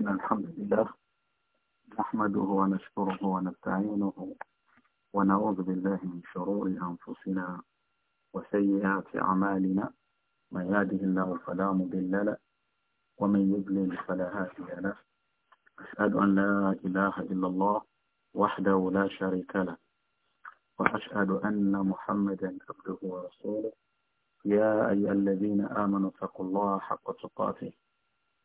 إن الحمد لله نحمده ونشكره ونستعينه ونعوذ بالله من شرور أنفسنا وسيئات أعمالنا من يهده الله فلا مضل له ومن يضلل فلا هادي له أشهد أن لا إله إلا الله وحده لا شريك له وأشهد أن محمدا عبده ورسوله يا أيها الذين آمنوا اتقوا الله حق تقاته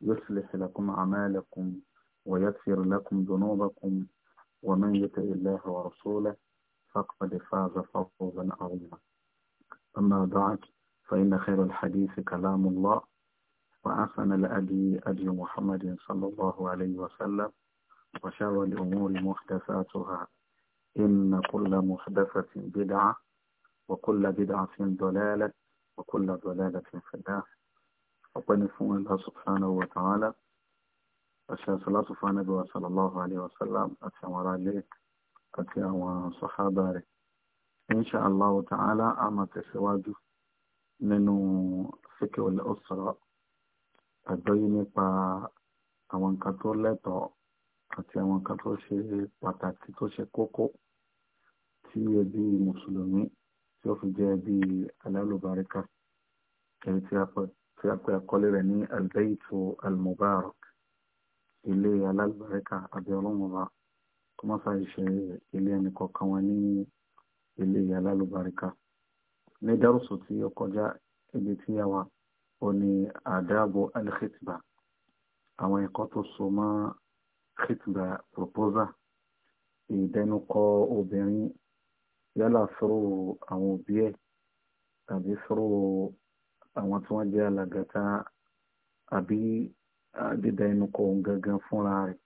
يصلح لكم أعمالكم ويغفر لكم ذنوبكم ومن يطع الله ورسوله فقد فاز فوزا عظيما أما بعد فإن خير الحديث كلام الله وأحسن الأدي أدي محمد صلى الله عليه وسلم وشر الأمور محدثاتها إن كل محدثة بدعة وكل بدعة ضلالة وكل ضلالة في النار ọpẹ́ ni fún Allah subhanahu wa ta'ala àṣà salatu fún Ànábì wa sallallahu alayhi wa sallam àti àwọn ará ilé àti àwọn sàhábà rẹ̀ insha Allah ta'ala a máa tẹ̀síwájú nínú fíkẹ́ olè ọ̀sọ̀rọ̀ àgbọ́yé nípa àwọn nǹkan tó lẹ́tọ̀ọ́ àti àwọn nǹkan tó ṣe pàtàkì tó ṣe kókó tí ẹbí mùsùlùmí tí ó fi jẹ́ ẹbí alálùbáríkà ẹ̀rí tí tí a pè àkọlé rẹ̀ ní albaytu almubarak ilé alágbàríkà àbí ọlọ́mọba tó má sáà ṣe ilé ẹnì kọ̀ọ̀kan wọn ní ilé alágbàríkà ní dárúsù tí ó kọjá ibi tí a wà ó ní àdáàbò alkhitba àwọn ẹ̀kọ́ tó so mọ́ khitba proposal ìdẹnukọ obìnrin yálà fúrò àwọn òbí ẹ̀ tàbí fúrò àwọn tí wọ́n jẹ́ alàgàtà àbí dídá ẹnu kọ ohun gangan fúnra rẹ̀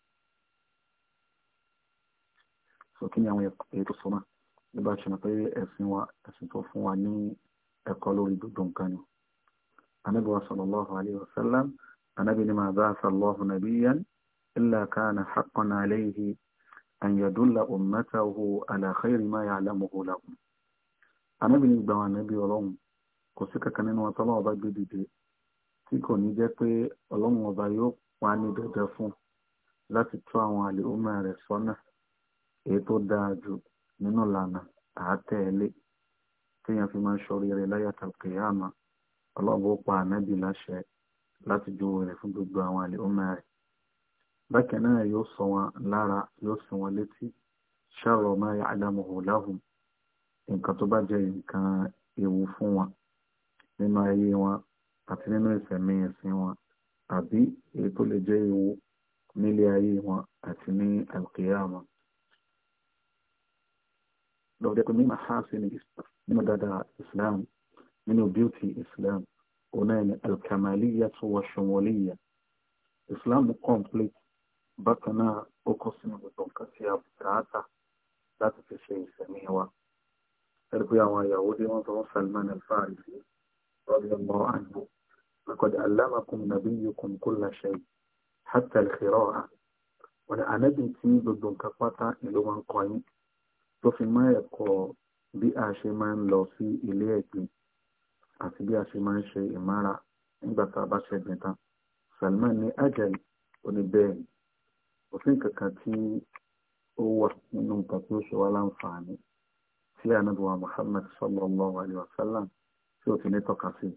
sọ kí ni àwọn èyí tó sọ náà nígbà tí wọ́n pé ẹ̀sìn wa ẹ̀sìn tó fún wa ní ẹ̀kọ́ lórí gbogbo nǹkan ni anábì wa sallallahu alayhi wa sallam anábì ni màá bá sallallahu nabiyyan illa kana haqqan alayhi an yadulla ummatahu ala khayri ma ya'lamuhu lahum anábì ni gbàwọn anábì ọlọ́run kò sí kankan nínú ọtọ́ ọlọ́run ọba gbé dìde tí kò ní jẹ́ pé ọba yóò pa ní dandan fún láti tọ́ àwọn àlè ọmọ rẹ̀ èyí tó dáa jù nínú ìlànà àátẹ̀ẹ́lé téèyàn fi máa ń ó pa ànábì láṣẹ láti fún gbogbo àwọn bákan náà yóò sọ wọn lára yóò sọ wọn létí láhùn nǹkan tó bá nǹkan ewu nínú ayé wọn àti nínú ìsẹ̀mí ẹ̀sìn wọn àbí èyí tó lè jẹ́ ewu nílé ayé wọn àti ní alkiyama lọ́dẹ̀ pé mímọ̀ hásí ní nínú dáadáa islam nínú beauty islam ọ̀nà ni alkamaliya tó wà ṣọwọ́líyà islam complete bákan náà ó kọ́ sínú gbogbo nǹkan tí a bùkátà láti fi ṣe ìsẹ̀mí wa. Ẹ̀rí pé àwọn ìyàwó dé wọ́n sọ Salman al رضي الله عنه لقد علمكم نبيكم كل شيء حتى القراءة ولأنا بنتي ضد كفاتا إلى وان قايم وفي ما يقول bí a ṣe máa ń lọ sí ilé ẹ̀gbìn àti bí a ṣe máa ń ṣe ìmára nígbà tá a bá ṣẹ̀gbìn tán Salman ní ajali oníbẹ̀ẹ̀ni òfin kankan tí ó wà nínú nǹkan tí ó ṣe wá láǹfààní tí anábìwá Muhammad sallallahu alayhi wa sallam سورة نيتوك عصير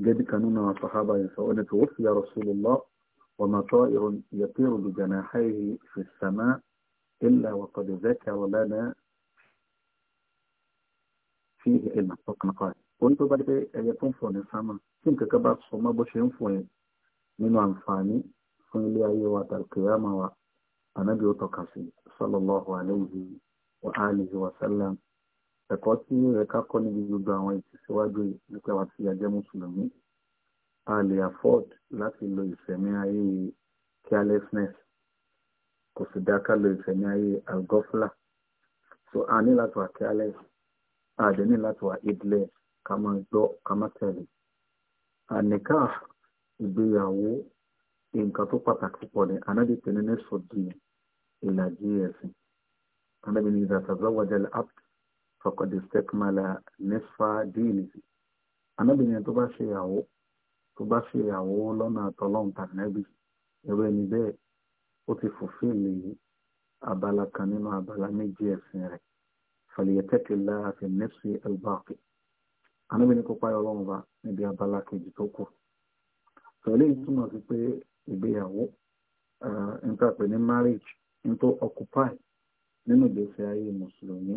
جدي كانونا صحابة يسألون توفي يا رسول الله وما طائر يطير بجناحيه في السماء إلا وقد ذكر لنا فيه علم فقنا نقاي وانتو بعد يكون فون السماء كنت كبار صوما بوش ينفوين من أنفاني فون لي أيوة القيامة وأنا بيوتو صلى الله عليه وآله وسلم ẹ̀kọ́ tí ó yẹ ká kọ́ níbi gbogbo àwọn ìtẹ̀síwájú nípa wa tí a jẹ́ mùsùlùmí a lè afford láti lo ìfẹ̀mí ayé carelessness kò sì dá lo ìfẹ̀mí ayé algofla so a ní láti wà careless a dẹ̀ ní láti wà idless ká máa gbọ́ ká máa tẹ̀lé àníká ìgbéyàwó nǹkan tó pàtàkì pọ̀ ní anábìpẹ̀ ní nẹ́sọ̀dì ìlàjì ẹ̀sìn anábìpẹ̀ ní ìdàtàzáwájà abd fọkọ̀dé stekmala nífà díìnì anábìnrin tó bá ṣe ìyàwó tó bá ṣe ìyàwó lọ́nà àtọ́lọ́hún tànẹ́bì ẹ̀rọ ẹni bẹ́ẹ̀ ó ti fòfíìlì abala kan nínú abala méjì ẹ̀sìn rẹ̀ fàlìyẹ̀tẹ́kìlá àti nẹ́fṣì ẹlbáàkì anábìnrin kó páyọ̀ ọlọ́run bá níbi abala kejì tó kù pẹ̀lú ìtumọ̀ sí pé ìgbéyàwó nǹkan eh, pè ní marriage n tó occupy nínú ìgbésí ayé mùsùlùmí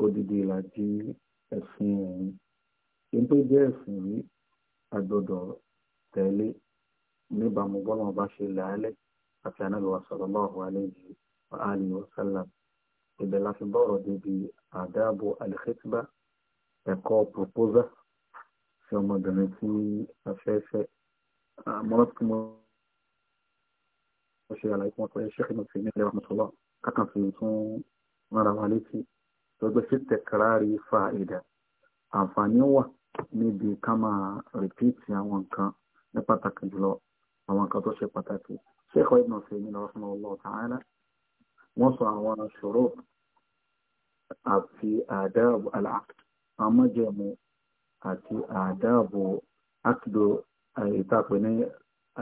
odidi ìlàjì ẹ̀sìn ẹ̀yìn ohun tó jẹ́ ẹ̀sìn yìí agbọ́dọ̀ tẹ̀lé níbàámu bọ́lá ọba ṣe làálẹ̀ àti anábìwá sallallahu alayhi wa alihi wa sallam ibẹ̀ la fi bọ́ọ̀rọ̀ débi àdáàbò al-khitba ẹ̀kọ́ proposal sí ọmọbìnrin tí afẹ́fẹ́ mọ́nà tí mo ṣe àlàyé fún ọkọ̀ ẹ̀ṣẹ́ ìmọ̀ sí ní ilé wa mọ̀tọ́lọ́ kákan fi tún rárá wa létí lọ́gbẹ́ sí tẹ̀kárárì fa ìdá àǹfààní wà níbi ká máa rìpíìtì àwọn nǹkan ní pàtàkì jùlọ àwọn nǹkan tó ṣe pàtàkì ṣéèkọ́ ibn Uthaymeen rahimahullahu ta'ala wọ́n sọ àwọn ṣòro àti àdáàbò al àti àdáàbò àkìdò ìtàpẹ̀ ní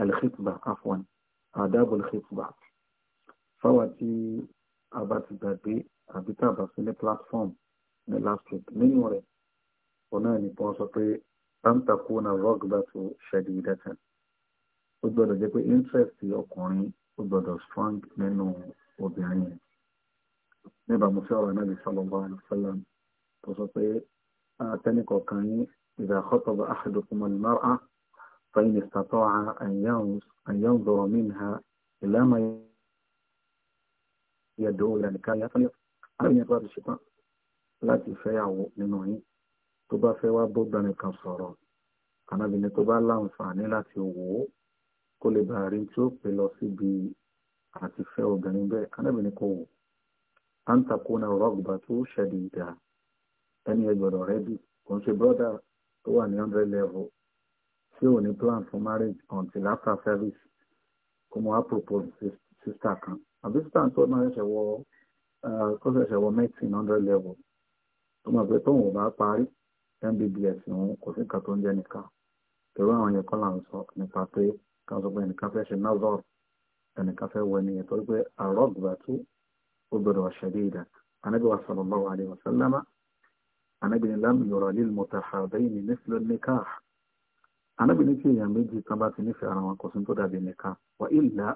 al-khitbah àdáàbò al fáwọn tí a bá ti gbàgbé àbí tá a bá sí ní platform ní last week nínú rẹ̀ òun náà nìkan sọ pé báńtàkù náà rọ́gbà tó ṣẹ̀dí ìdẹ́tẹ̀ ó gbọ́dọ̀ jẹ́ pé interest ọkùnrin ó gbọ́dọ̀ strong nínú obìnrin yẹn nígbà mo fẹ́ ọ̀rọ̀ náà sallallahu alaihi wasallam tó sọ pé atẹ́nìkọ̀ọ̀kan yín idha khataba ahadukum al-mar'a فإن استطاع أن ينظر منها إلى ما يدعو إلى نكاية فليصل lẹ́yìn bá ti ṣetán láti fẹ́yàwó nínú yín tó bá fẹ́ wá bóbìnrin kan sọ̀rọ̀ ànábìnrin tó bá láǹfààní láti wò ó kó lè bá rí tí ó pè lọ síbi àti fẹ́ obìnrin bẹ́ẹ̀ ànábìnrin kò wò á ń takùnà rọ́gbà tó ṣẹ̀dí ìdá ẹni ẹgbẹ̀rọ̀ rẹ bí kò ń ṣe brọ́dà tó wà ní hundred level tí ò ní plan for marriage until after service kó mọ á propose sister kan àbí sister tó máa ṣẹ̀ṣẹ̀ wọ Eh, kó ṣẹ̀ṣẹ̀ wọ nineteen hundred level tó mọ̀ pé tóun ò bá parí mbbs òun kò sí nǹkan tó ń jẹ́ nìkan pẹ̀lú àwọn yẹn kọ́ là ń sọ nípa pé kan sọ pé ẹnìkan fẹ́ ṣe nazor ẹnìkan fẹ́ wọ ẹni yẹn torí pé àrọ́gbà tó ó gbọdọ̀ ṣẹ̀dí ìdá anábì wa sallallahu alayhi wa sallama anábì ní lam yura lil mutahabayni mithlu nikah anábì ní kí èèyàn méjì tán bá ti nífẹ̀ẹ́ ara wọn kò sí tó dàbí nìkan wà ilà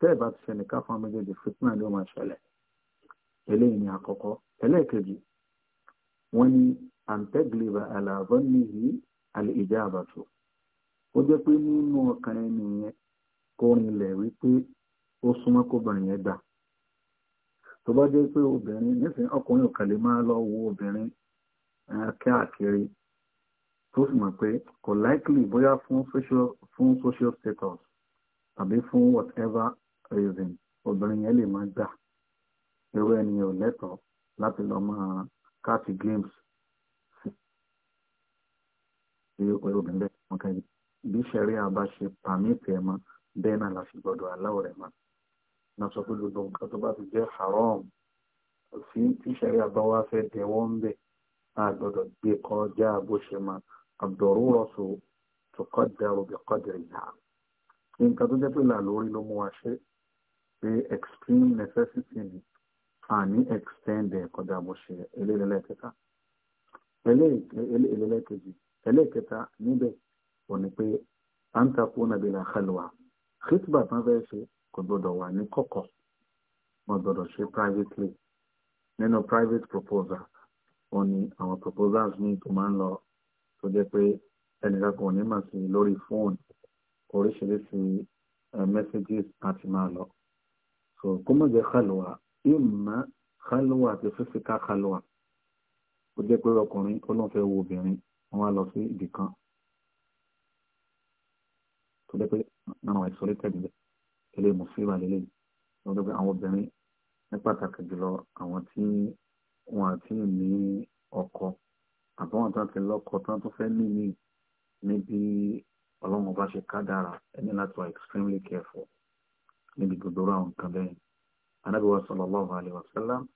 tẹ́ẹ̀ bá ti ṣe nìkan fún méjèèjì fitna ni ó máa ṣẹlẹ̀ eléyìí ni àkọ́kọ́ ẹlẹ́ẹ̀kejì wọ́n ní àǹtẹ́gìlìbà àlàbọ́ níhi àlèjà àbàtò ó jẹ́ pé nínú ọkàn ẹni yẹn kó rinlẹ̀ wípé ó súnmọ́ kóbìnrin yẹn gbà tó bá jẹ́ pé obìnrin nísìnyí ọkùnrin ò kàn lè máa lọ wo obìnrin káàkiri tó sì mọ̀ pé kò likely bóyá fún social fún social status tàbí fún whatever reason obìnrin yẹn lè máa gbà irú ẹni ò lẹ́tọ̀ọ́ láti lọ máa káàtì games sí pẹ̀lú obìnrin bẹ́ẹ̀ wọn kàn bí sẹ́rí àbá ṣe pàmìtì ẹ̀ mọ́ bẹ́ẹ̀ náà la fi gbọ́dọ̀ aláwọ̀ rẹ̀ mọ́ náà sọ pé gbogbo nǹkan tó bá ti jẹ́ haram sí tí sẹ́rí àbá wa fẹ́ dẹ̀wọ́ ń bẹ̀ á gbọ́dọ̀ gbé kọjá bó ṣe mọ́ ad-daruratu tuqaddaru biqadriha nǹkan tó jẹ́ pé là ló mú wa ṣe pé extreme necessity ni àní extend ẹ̀ kọjá bó ṣe eléyìí eléyìí ẹlẹ́ẹ̀kẹta níbẹ̀ ò ní pé à ń takú nàbí la xẹlùwà xitba tán fẹ́ ṣe kò gbọdọ̀ wà ní kọ̀kọ̀ wọ́n gbọdọ̀ ṣe privately nínú private proposal wọn ni àwọn proposals míì tó máa ń lọ tó jẹ́ pé ẹnìkan kò ní mà sí lórí fóònù oríṣiríṣi eh, messages àti máa lọ so kó má jẹ́ xẹlùwà ìmọ̀ kálọ́wà àti fífíkà kálọ́wà ó jẹ́ pé ọkùnrin ó lọ́n fẹ́ wo obìnrin wọ́n wá lọ sí ibì kan tó jẹ́ pé náà wà isolated bẹ́ẹ̀ ilé mùsùlùmí àlélẹ́ ló jẹ́ pé àwọn obìnrin ní pàtàkì jùlọ àwọn tí wọn àti ní ọkọ àbọ̀wọ̀n tó ti lọ́kọ tó tó fẹ́ ní ní níbi ọlọ́run bá ṣe kádàrá ẹni láti wà extremely careful níbi gbogbo àwọn nǹkan bẹ́ẹ̀ anábì wa sallallahu alayhi wa sallam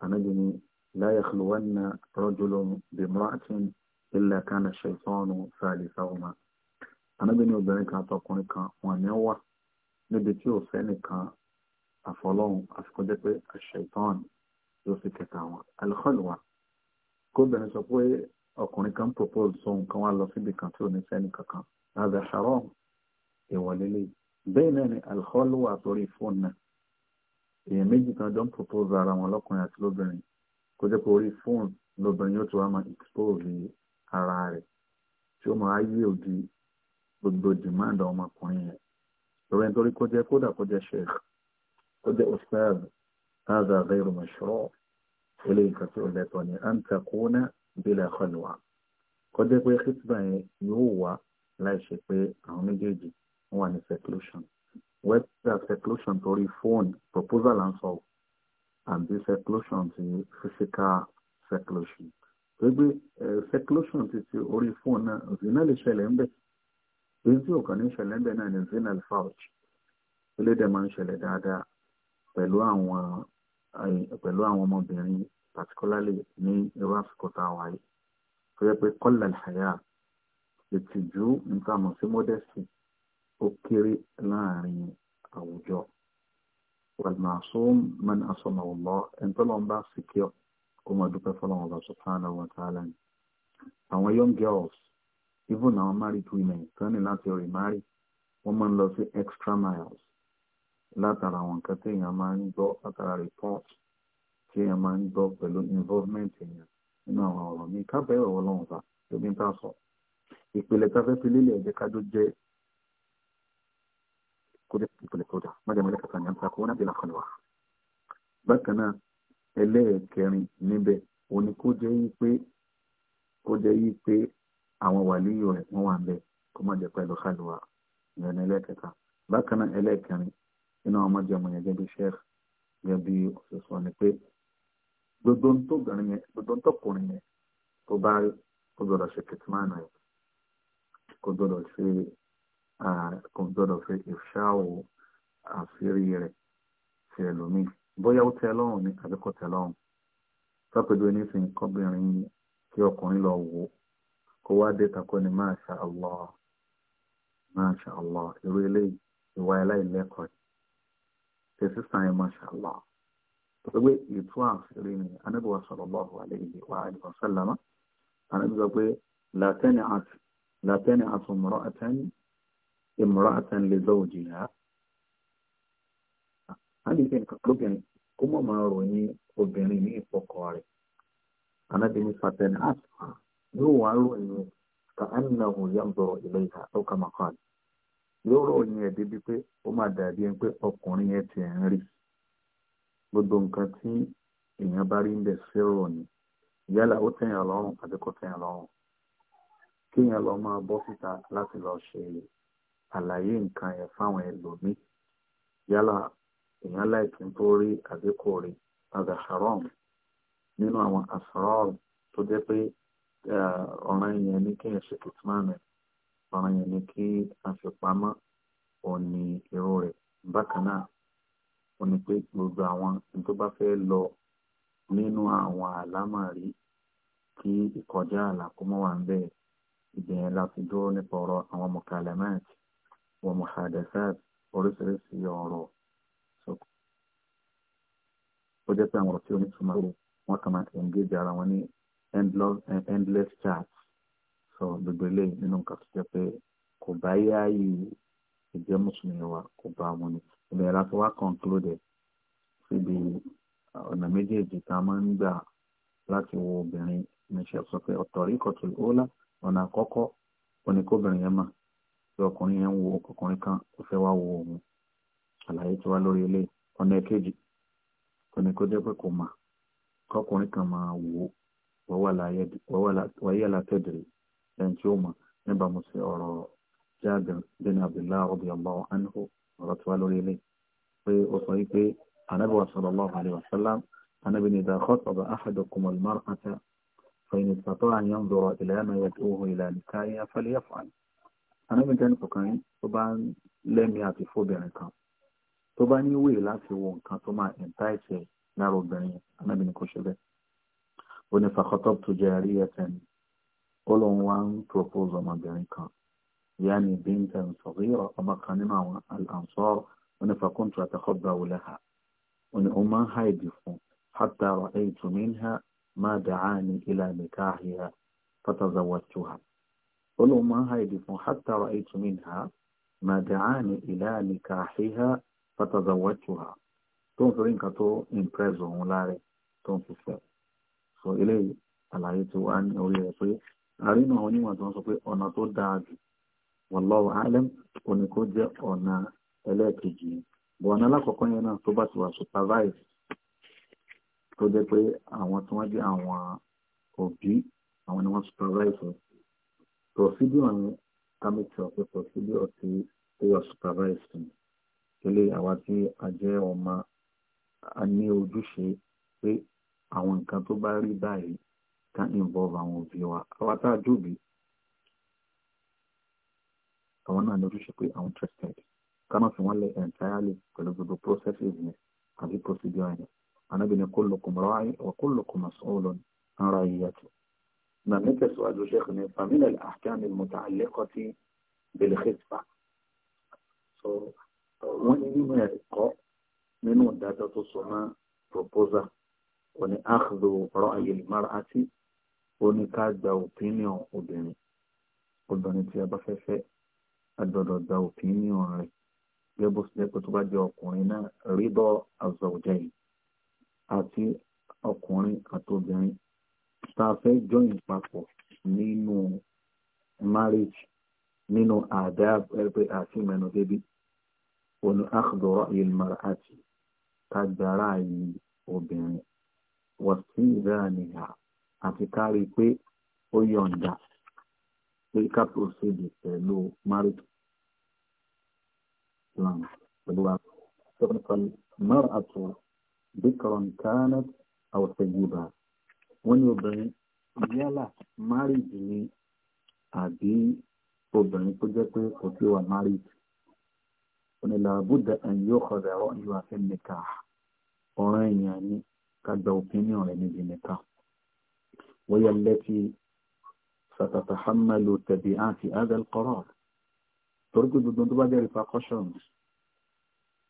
anábì ni la yakhluwanna rajulun bimra'atin illa kana shaytanu thalithahuma anábì ni obìnrin kan àtọkùnrin kan wọn ni wà níbi tí ò fẹ́ nìkan àfọlọ́hún àfikún jẹ́ pé aṣ-ṣaytan ló fi kẹta wọn al-khulwa kóbìnrin sọ pé ọkùnrin kan propose sóhun kan wá lọ síbi kan tí ò ní sẹ́ni kankan láti haram ìwọlélẹ́yìí bẹ́ẹ̀ náà ni al-khulwa àtòrí fóònù náà èèyàn méjì kan jọ ń propose ara wọn lọ́kùnrin àti lóbìnrin kó jẹ́ pé orí fóònù lóbìnrin yóò tó wá máa expose ara rẹ̀ tí ó máa yé òdi gbogbo demand ọmọkùnrin yẹn lórí ẹni torí kó jẹ́ kódà kó jẹ́ sheikh kó jẹ́ ustaz هذا غير مشروع إليك تؤلتني أن تكون بلا خلوة kó jẹ́ pé khitba yẹn yóò wá láì ṣe pé àwọn méjèèjì wà ní seclusion website seclusion torí fóònù proposal and so and bí seclusion ti physical seclusion gbégbé eh, seclusion ti ti orí fóònù náà zina lè ṣẹlẹ̀ ń bẹ̀ èyí tí òkàn ní ṣẹlẹ̀ ń bẹ̀ náà ni zina fauch elédè máa ń ṣẹlẹ̀ dáadáa pẹ̀lú àwọn eh, pẹ̀lú àwọn ọmọbìnrin particularly ní irú àsìkò tá a wà yìí tó yẹ ìtìjú nǹkan àmọ̀ sí modesty ó kéré láàrin àwùjọ wàlmàṣúm man asọmọ ọlọ ẹni tó lọ́n bá síkíọ kó máa dúpẹ́ fọlọ́n ọlọ subhanahu wa ta'ala ni àwọn young girls even àwọn married women kan ní láti rí marry wọ́n máa ń lọ sí extra miles látara àwọn nǹkan tí èèyàn máa ń gbọ́ látara report tí èèyàn máa ń gbọ́ pẹ̀lú involvement èèyàn nínú àwọn ọ̀rọ̀ mi kábẹ́rẹ̀ ọlọ́run bá lóbi ń tà sọ ìpìlẹ̀ tá a fẹ́ fi lélẹ̀ ẹ̀jẹ̀ kájọ jẹ́ kódẹ́sì ìpìlẹ̀ sọ́jà májàmú ẹlẹ́kẹta ní antakọ́nà ìlà kọlùwà. bákan náà ẹlẹ́ẹ̀kẹrin níbẹ̀ òní kó jẹ́ yí pé kó jẹ́ yí pé àwọn wàlíyọ̀ ẹ̀ wọ́n wà ń bẹ̀ kó má jẹ́ pẹ̀lú kọlùwà ìyẹn ẹlẹ́ẹ̀kẹta bákan náà ẹlẹ́ẹ̀kẹrin sheikh gẹ́gẹ́ bí ọ̀sọ̀sọ̀ ni pé gbogbo ń tọkùnrin yẹn tó bá rí kó kò gbọ́dọ̀ fẹ́ ìfṣáwò àṣírí rẹ̀ ti ẹlòmíì bóyá ó tẹ́ lọ́rùn ní àbí kò tẹ́ lọ́rùn sọ́pẹ̀dù oníṣìn kọ́bìnrin kí ọkùnrin lọ wò kó wá dé takò ní masha Allah masha Allah irú eléyìí ìwà aláìlẹ́kọ̀ọ́ tẹ̀sí sàn masha Allah pé ètò àṣírí ni anábíwá sallallahu alayhi wa alihi wa sallama anábíwá pé látẹ́ni àtúmọ̀rọ̀ àtẹ́ni امرأة لزوجها هذه كان لكن كما ما روني obìnrin ní ìfọkọ rẹ̀ anábìnrin fatan asfa yóò wá ròyìn ka annahu yanzuru ilayha aw kama qal yóò ròyìn ẹ̀ débi pé ó máa dàbí ẹni pé ti gbogbo èèyàn bá rí ń ni yálà ó àbí kò kéèyàn lọ máa síta àlàyé nǹkan yẹn fáwọn ẹlòmíì yálà èèyàn láìkí tó rí àbí kò rí nínú àwọn asrar tó jẹ́ pé ọ̀ràn yẹn ní kí ẹ̀ṣẹ̀ kìtìmánì ọ̀ràn yẹn ní kí àfipamọ́ òní irú rẹ̀ bákan náà ó ní pé gbogbo àwọn tó bá fẹ́ lọ nínú àwọn kí ìkọjá mọ́ wà ń ìgbìyànjú láti wọ muhadasat oríṣiríṣi ọ̀rọ̀ ó jẹ́ pé àwọn ọ̀rọ̀ tí onítùmọ̀ wọn kàn máa ti engage ara wọn ní endless chat so gbogbo eléyìí nínú nǹkan tó jẹ́ pé kò bá yáàyè ìjẹ́ mùsùlùmí wa kò bá wọn ni ìbẹ̀rẹ̀ láti wá conclude síbi ọ̀nà méjèèjì tá a máa ń gbà láti wo obìnrin ní sọ pé ọ̀tọ̀ rí kọ̀tù ó lá ọ̀nà àkọ́kọ́ oníkóbìnrin yẹn máa pé ọkùnrin yẹn ń wo ọkùnrin kan ó fẹ́ wá wo òun àlàyé tí wá lórí ilé ọ̀nà èkejì kò ní kó jẹ́ pé kò mà kọkùnrin kan máa wò ó wáyé alátẹ́dìrì ẹni tí ó mọ̀ nígbà mo ṣe ọ̀rọ̀ Jabir bin Abdullah radiyallahu anhu ọ̀rọ̀ tí wá lórí ilé pé ó sọ wípé anabi wa sallallahu alayhi wa sallam anabi ni idha khataba ahadukum al-mar'ata fa in istata'a an yanzura ila ma yad'uhu ila nikaiha falyaf'al anábì jẹ́ nìkọ̀kan yín tó bá lẹ́mìí àti fóbìnrin kan tó bá ní wèé láti wo nǹkan tó máa ẹ̀ǹtá ẹ̀ṣẹ̀ lára obìnrin yẹn anábì ní kò ṣe bẹ́ẹ̀ ó ní fakọ́tọ́ tó jẹ́ rí ẹsẹ̀ ni ó lóun wá ń propose ọmọbìnrin kan ìyá ni bíńtẹ̀ ń sọ̀rí ọmọ kan nínú àwọn àǹsọ́ ó ní fakọ́ntù àtẹ́kọ̀gbà wò lẹ́hà ó ní ó máa ń fún hatta ra'aytu minha ma da'ani ila olóhùn máa ń ha èdè fún hátàrà ìtumí nà màdàáni ìlànà kàáhíhá fatazawwajuha tó ń torí nǹkan tó impress òun láre tó ń fífẹ́ so eléyìí àlàyé tó wà ní orí rẹ̀ pé àrínà àwọn onímọ̀ tó ń sọ pé ọ̀nà tó dáa jù wallahu a'lam òní kó jẹ́ ọ̀nà ẹlẹ́ẹ̀kejì bọ̀ ọ̀nà alákọ̀ọ́kọ́ yẹn náà tó bá ti wà supervise tó jẹ́ pé àwọn tí wọ́n jẹ́ àwọn òbí àwọn ni wọ́n supervise procedure yẹn ká make sure pé procedure ti ó wà supervised ni kele àwa tí a jẹ́ ọmọ a ní ojúṣe pé àwọn nǹkan tó bá rí báyìí ká involve àwọn òbí wa àwa tá a jòbí àwọn náà ní ojúṣe pé àwọn interested ká má fi wọ́n lé entirely pẹ̀lú gbogbo processes yẹn àbí procedure yẹn anábìnrin kullukum ra'in wa kullukum mas'ulun an ra'iyyatihi. ما تسؤال شيخنا فمن الأحكام المتعلقة بالخطبة so wọ́n ní nínú ẹ̀kọ́ nínú ìdájọ́ tó so mọ́ proposal kò ní àkàdò ọ̀rọ̀ ayélujára àti oníkàgbà opinion obìnrin obìnrin tí a bá fẹ́ fẹ́ agbọ́dọ̀ gba opinion rẹ̀ gẹ́gẹ́ bó ṣe pé tó bá jẹ́ ọkùnrin náà rídọ́ àzọ̀jẹ̀yìn àti ọkùnrin àti obìnrin tá a fẹ́ join papọ̀ nínú marriage nínú adab ẹgbẹ́ àti mẹ́nu débi òní akhdọ̀rọ̀ ilmar àti tagbara yìí obìnrin wọ́n sí ìrànìyà àti kárí pé ó yọ̀ǹda pé ká proceed pẹ̀lú marriage plan pẹ̀lú àtúntò mẹ́ràtú bíkọ̀rọ̀ kánẹ́t àwọn ṣẹ́gbẹ́ báyìí wọ́n ní obìnrin yálà married ni àbí obìnrin tó jẹ́ pé kò tí wà married wọ́n ní làbúdà ẹ̀yìn yóò kọ̀dà ọ̀rọ̀ ìlú àfẹ́ nìka ọ̀rọ̀ èèyàn ni ká gba opinion rẹ̀ níbi nìka wọ́n yẹ lẹ́tí sàtàtàhámàlù tẹ̀bí àti adẹ́lkọ́rọ̀ torí pé gbogbo tó bá jẹ́ repercussions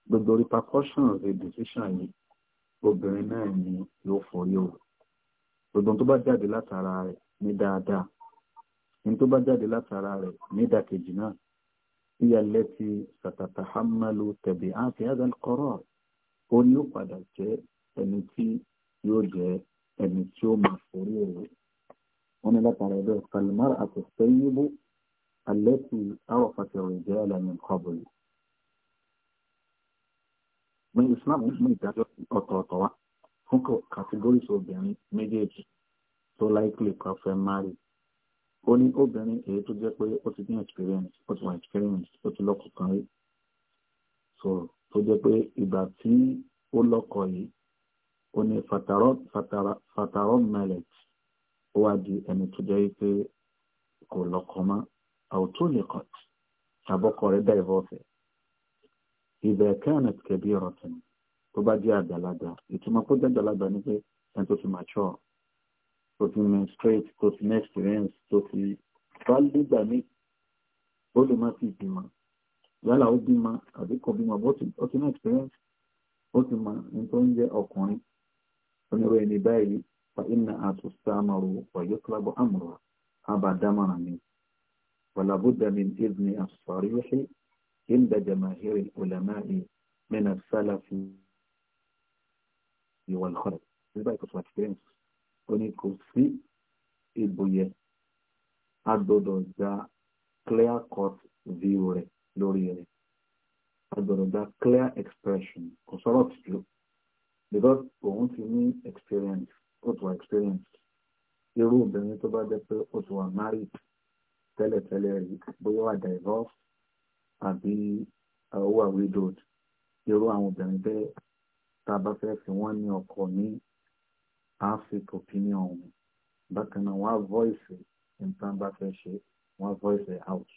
gbogbo repercussions the decision yìí obìnrin náà ni yóò forí òun gbogbo tó bá jáde látara rẹ̀ ní dáadáa ní tó bá jáde látara rẹ̀ ní ìdàkejì náà ìyá lẹ́tì sàtàtà hamalu tẹ̀bí àti adal kọ́rọ̀ ó ní ó padà jẹ́ ẹni tí yóò jẹ́ ẹni tí ó máa forí òwe wọn ní látara ẹgbẹ́ kalimar àtẹ̀sẹ́yìnbó alẹ́tì àwọ̀fàtẹ̀rọ̀ ìjẹ́ ẹlẹ́mi kọ́bùrì. ní Islam ní ìdájọ́ ọ̀tọ̀ọ̀tọ̀ wa fún kàtígórìsì obìnrin méjèèjì tó láìpẹ́ kan fẹ́ márì ó ní obìnrin èyí tó jẹ́ pé ó ti ní experience ó ti wà experience ó ti lọ́kọ kan rí so tó jẹ́ pé ìgbà tí ó lọ́kọ yìí ó ní fatarọ mallet ó wá di ẹni tó jẹ́ pé kò lọ́kọ mọ́ àwùjọ lè kọ̀ tàbọ́kọ rẹ̀ bẹ́ẹ̀ bọ́ fẹ́ ìbẹ̀ẹ̀kẹ́ ọ̀nà ọ̀rọ̀ tẹ̀lé tó bá jẹ́ àgbàlagbà ìtumọ̀ kó jẹ́ àgbàlagbà ni pé ẹni tó ti mature tó ti menstruate tó ti experience tó ti bá nígbà míì ó lè má ti bímọ yálà ó bímọ àbí kò bímọ bó ti ní experience ó ti mọ ní tó ń jẹ́ ọkùnrin onírò ẹni báyìí fa iná àtúnṣe àmọ̀rò ọ̀yọ́ kílábọ̀ àmọ̀rò àbádámọ̀ràn ni wàlàbúdà min ìdí àṣàríyí عند جماهير العلماء من السلف ìwọ̀n ìkọ̀rọ̀ nígbà ìkọ̀sọ̀ experience ó ní kò sí ìbò yẹn a gbọ́dọ̀ gba clear cut view rẹ̀ lórí rẹ̀ a gba clear expression kò sọ̀rọ̀ tìjú because òun ti ní experience ó ti wà experience irú obìnrin tó bá jẹ́ pé ó ti wà married tẹ́lẹ̀tẹ́lẹ̀ rí bóyá wà divorce àbí uh, ó wà widowed irú àwọn obìnrin bẹ́ẹ̀ tá a bá fẹ́ fi wọ́n ní ọkọ̀ ní áfíríkà opinion wọn bákan náà wọ́n á voice in tá a bá fẹ́ ṣe wọ́n á voice out.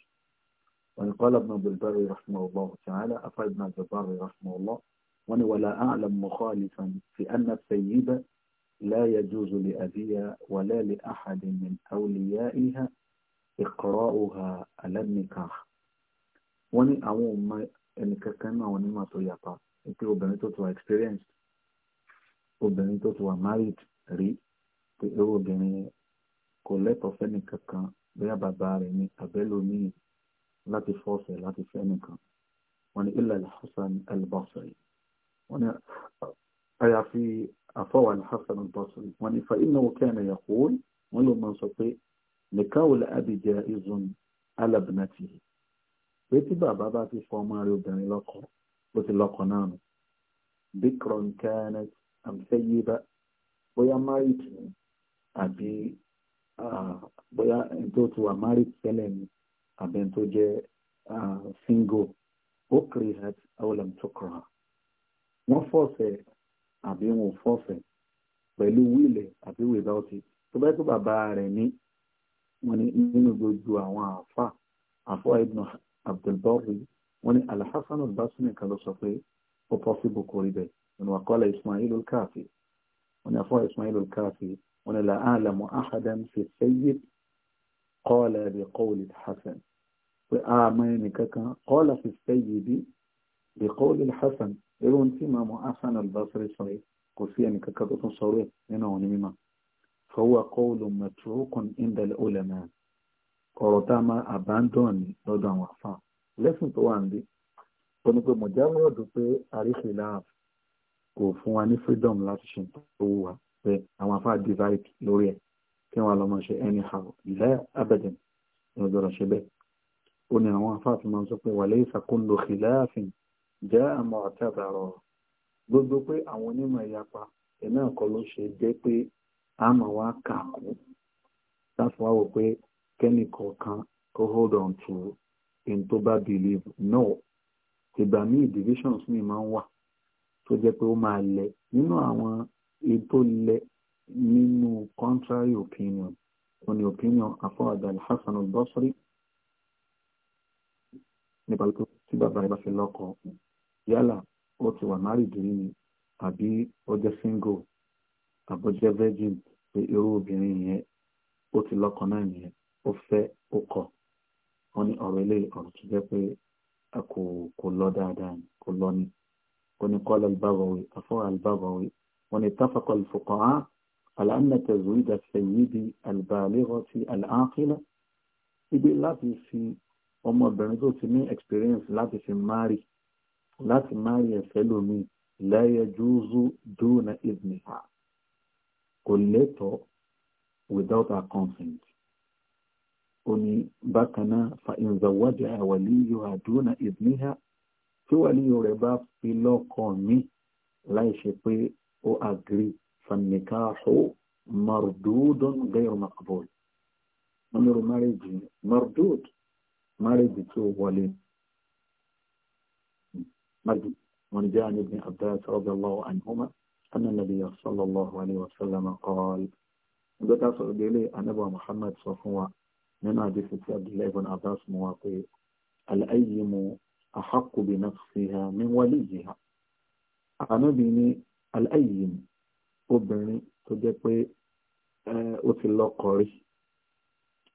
وإن قال ابن البري رحمه الله تعالى أقل ابن البري رحمه الله وأنا ولا أعلم مخالفا في أن السيد لا يجوز لأبيها ولا لأحد من أوليائها إقراؤها على النكاح وأنا أعلم ẹnìkankan náà wọn ní màá tó yàtọ̀ pé obìnrin tó ti wà experienced obìnrin tó ti wà married rí pé irú obìnrin kò lẹ́tọ̀ọ́ fẹ́ni kankan bóyá bàbá rẹ̀ ní abẹ́lómìn láti fọ́ọ̀sẹ̀ láti fẹ́ni kan wọ́n ní ilẹ̀ alhassan albasri wọ́n ní àyàfi àfọwọ́ alhassan albasri wọ́n ní fa iná òkè àná yaqul wọ́n ló máa sọ pé nìkáwò láàbì jẹ́ izun alabnati pé tí bàbá bá ti fọ ọmọ rẹ̀ obìnrin lọ́kọ̀ọ́ bó ti lọ́kọ̀ náà nù bikron kanet amsayiba bóyá married ni àbí bóyá ẹni tó ti wà married tẹ́lẹ̀ ni àbí ẹni tó jẹ́ single ukrihat aw lam tukrah wọ́n fọ́ọ̀sẹ̀ àbí wọn ò fọ́ọ̀sẹ̀ pẹ̀lú wíìlẹ̀ àbí without it tó bá tó bàbá rẹ̀ ní wọn ní nínú gbogbo àwọn àfa àfọ ibn abdulbari وني حسن البصري كالوصفي او possible كوريبي من وقال اسماعيل الكافي وني افوا اسماعيل الكافي وني لا اعلم احدا في السيد قال بقول الحسن وآمين كك قال في السيد بقول الحسن يرون في ما محسن البصري صحيح قصيني كك قط صوري هنا ونيما فهو قول متروك عند العلماء قرطما اباندوني لدى وفاه lẹ́sìn tó wà níbí ó ní pé mọ̀jáwọ́ ọ̀dùn pé àríṣìlá kò fún wa ní freedom láti ṣe tó wù wá pé àwọn afá divide lórí ẹ̀ kí wọ́n lọ́mọ ṣe anyhow lẹ́ abẹ́dẹ̀n ní ọjọ́ ṣe bẹ́ẹ̀ ó ní àwọn afá tó máa ń sọ pé wà lẹ́yìn sàkóńdò khilafin jẹ́ àmọ́ àtàbàrọ̀ gbogbo pé àwọn onímọ̀ ìyapa ẹ̀ náà kọ́ ló ṣe jẹ́ pé àmọ́ wa kà kú láti wá wò pé kẹ́nìkọ̀ọ̀kan kó hold on to in tó bá believe no ìgbà míì divisions mi máa ń wà tó jẹ́ pé ó máa lẹ nínú àwọn ètò lẹ nínú contrary opinion wọn ni opinion afọwàdà Al-Hasan Al-Basri nípa pé tí bàbá rẹ bá fi lọ́kọ yálà ó ti wà márìdìrí ni àbí ó jẹ́ single àbójẹ́ virgin pé irú obìnrin yẹn ó ti lọ́kọ náà nìyẹn ó fẹ́ ó kọ̀ wọ́n ní ọ̀rọ̀ ilé ọ̀rọ̀ tó jẹ́ pé kò kò lọ dáadáa ni kò lọ ni kò ní kọ́ al-Baghawi afọ́ al-Baghawi wọ́n ní táfàkọ́ al-fuqaha ala anna tazwid as-sayyidi al-balighati al ibi láti fi ọmọbìnrin tó ti ní experience láti fi márì láti márì ẹ̀fẹ́ lómi la yajuzu duna idniha kò lẹ́tọ̀ọ́ without her consent ó ní bákan náà fa ìzọ̀wọ́dì àwọ̀lì yóò àdúrà ìdíníhà tí wàlí rẹ̀ bá fi lọ́kọ mi láì ṣe pé ó àgírí fanikahu mardudun gairu maqbul wọ́n lórí márèjì mardud márèjì tí ó wọlé مجد من جاء عن ابن عباس رضي الله عنهما أن النبي صلى الله عليه وسلم قال ذكر صديلي أن أبو محمد صفوة nínú àdéhùn tí abdullahi ibn abbas mú wa pé al-ayyimu ahaqqu bi nafsiha min waliyha ànábì ní al-ayyim obìnrin tó jẹ́ pé ó ti lọ́kọ rí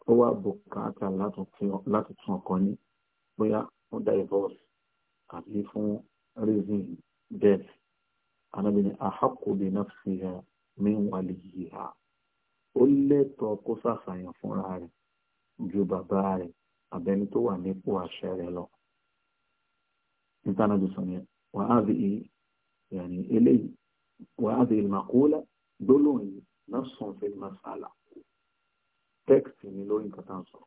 ó wá bùkátà láti tún ọkọ ní bóyá ó divorce àti fún reason death ànábì ní ahaqqu bi nafsiha min waliyha ó lẹ́tọ̀ọ́ kó sàfàyàn fúnra rẹ̀ ju bàbá rẹ̀ àbẹ́ni tó wà nípò àṣẹ rẹ̀ lọ. Ìtànàbí sọ yẹn, wà á bí yàní eléyìí, wà á bí ìmàkúlá gbólóhùn yìí lọ́sàn fi masala. Tẹ́kìtì ni lórí nǹkan tán sọ.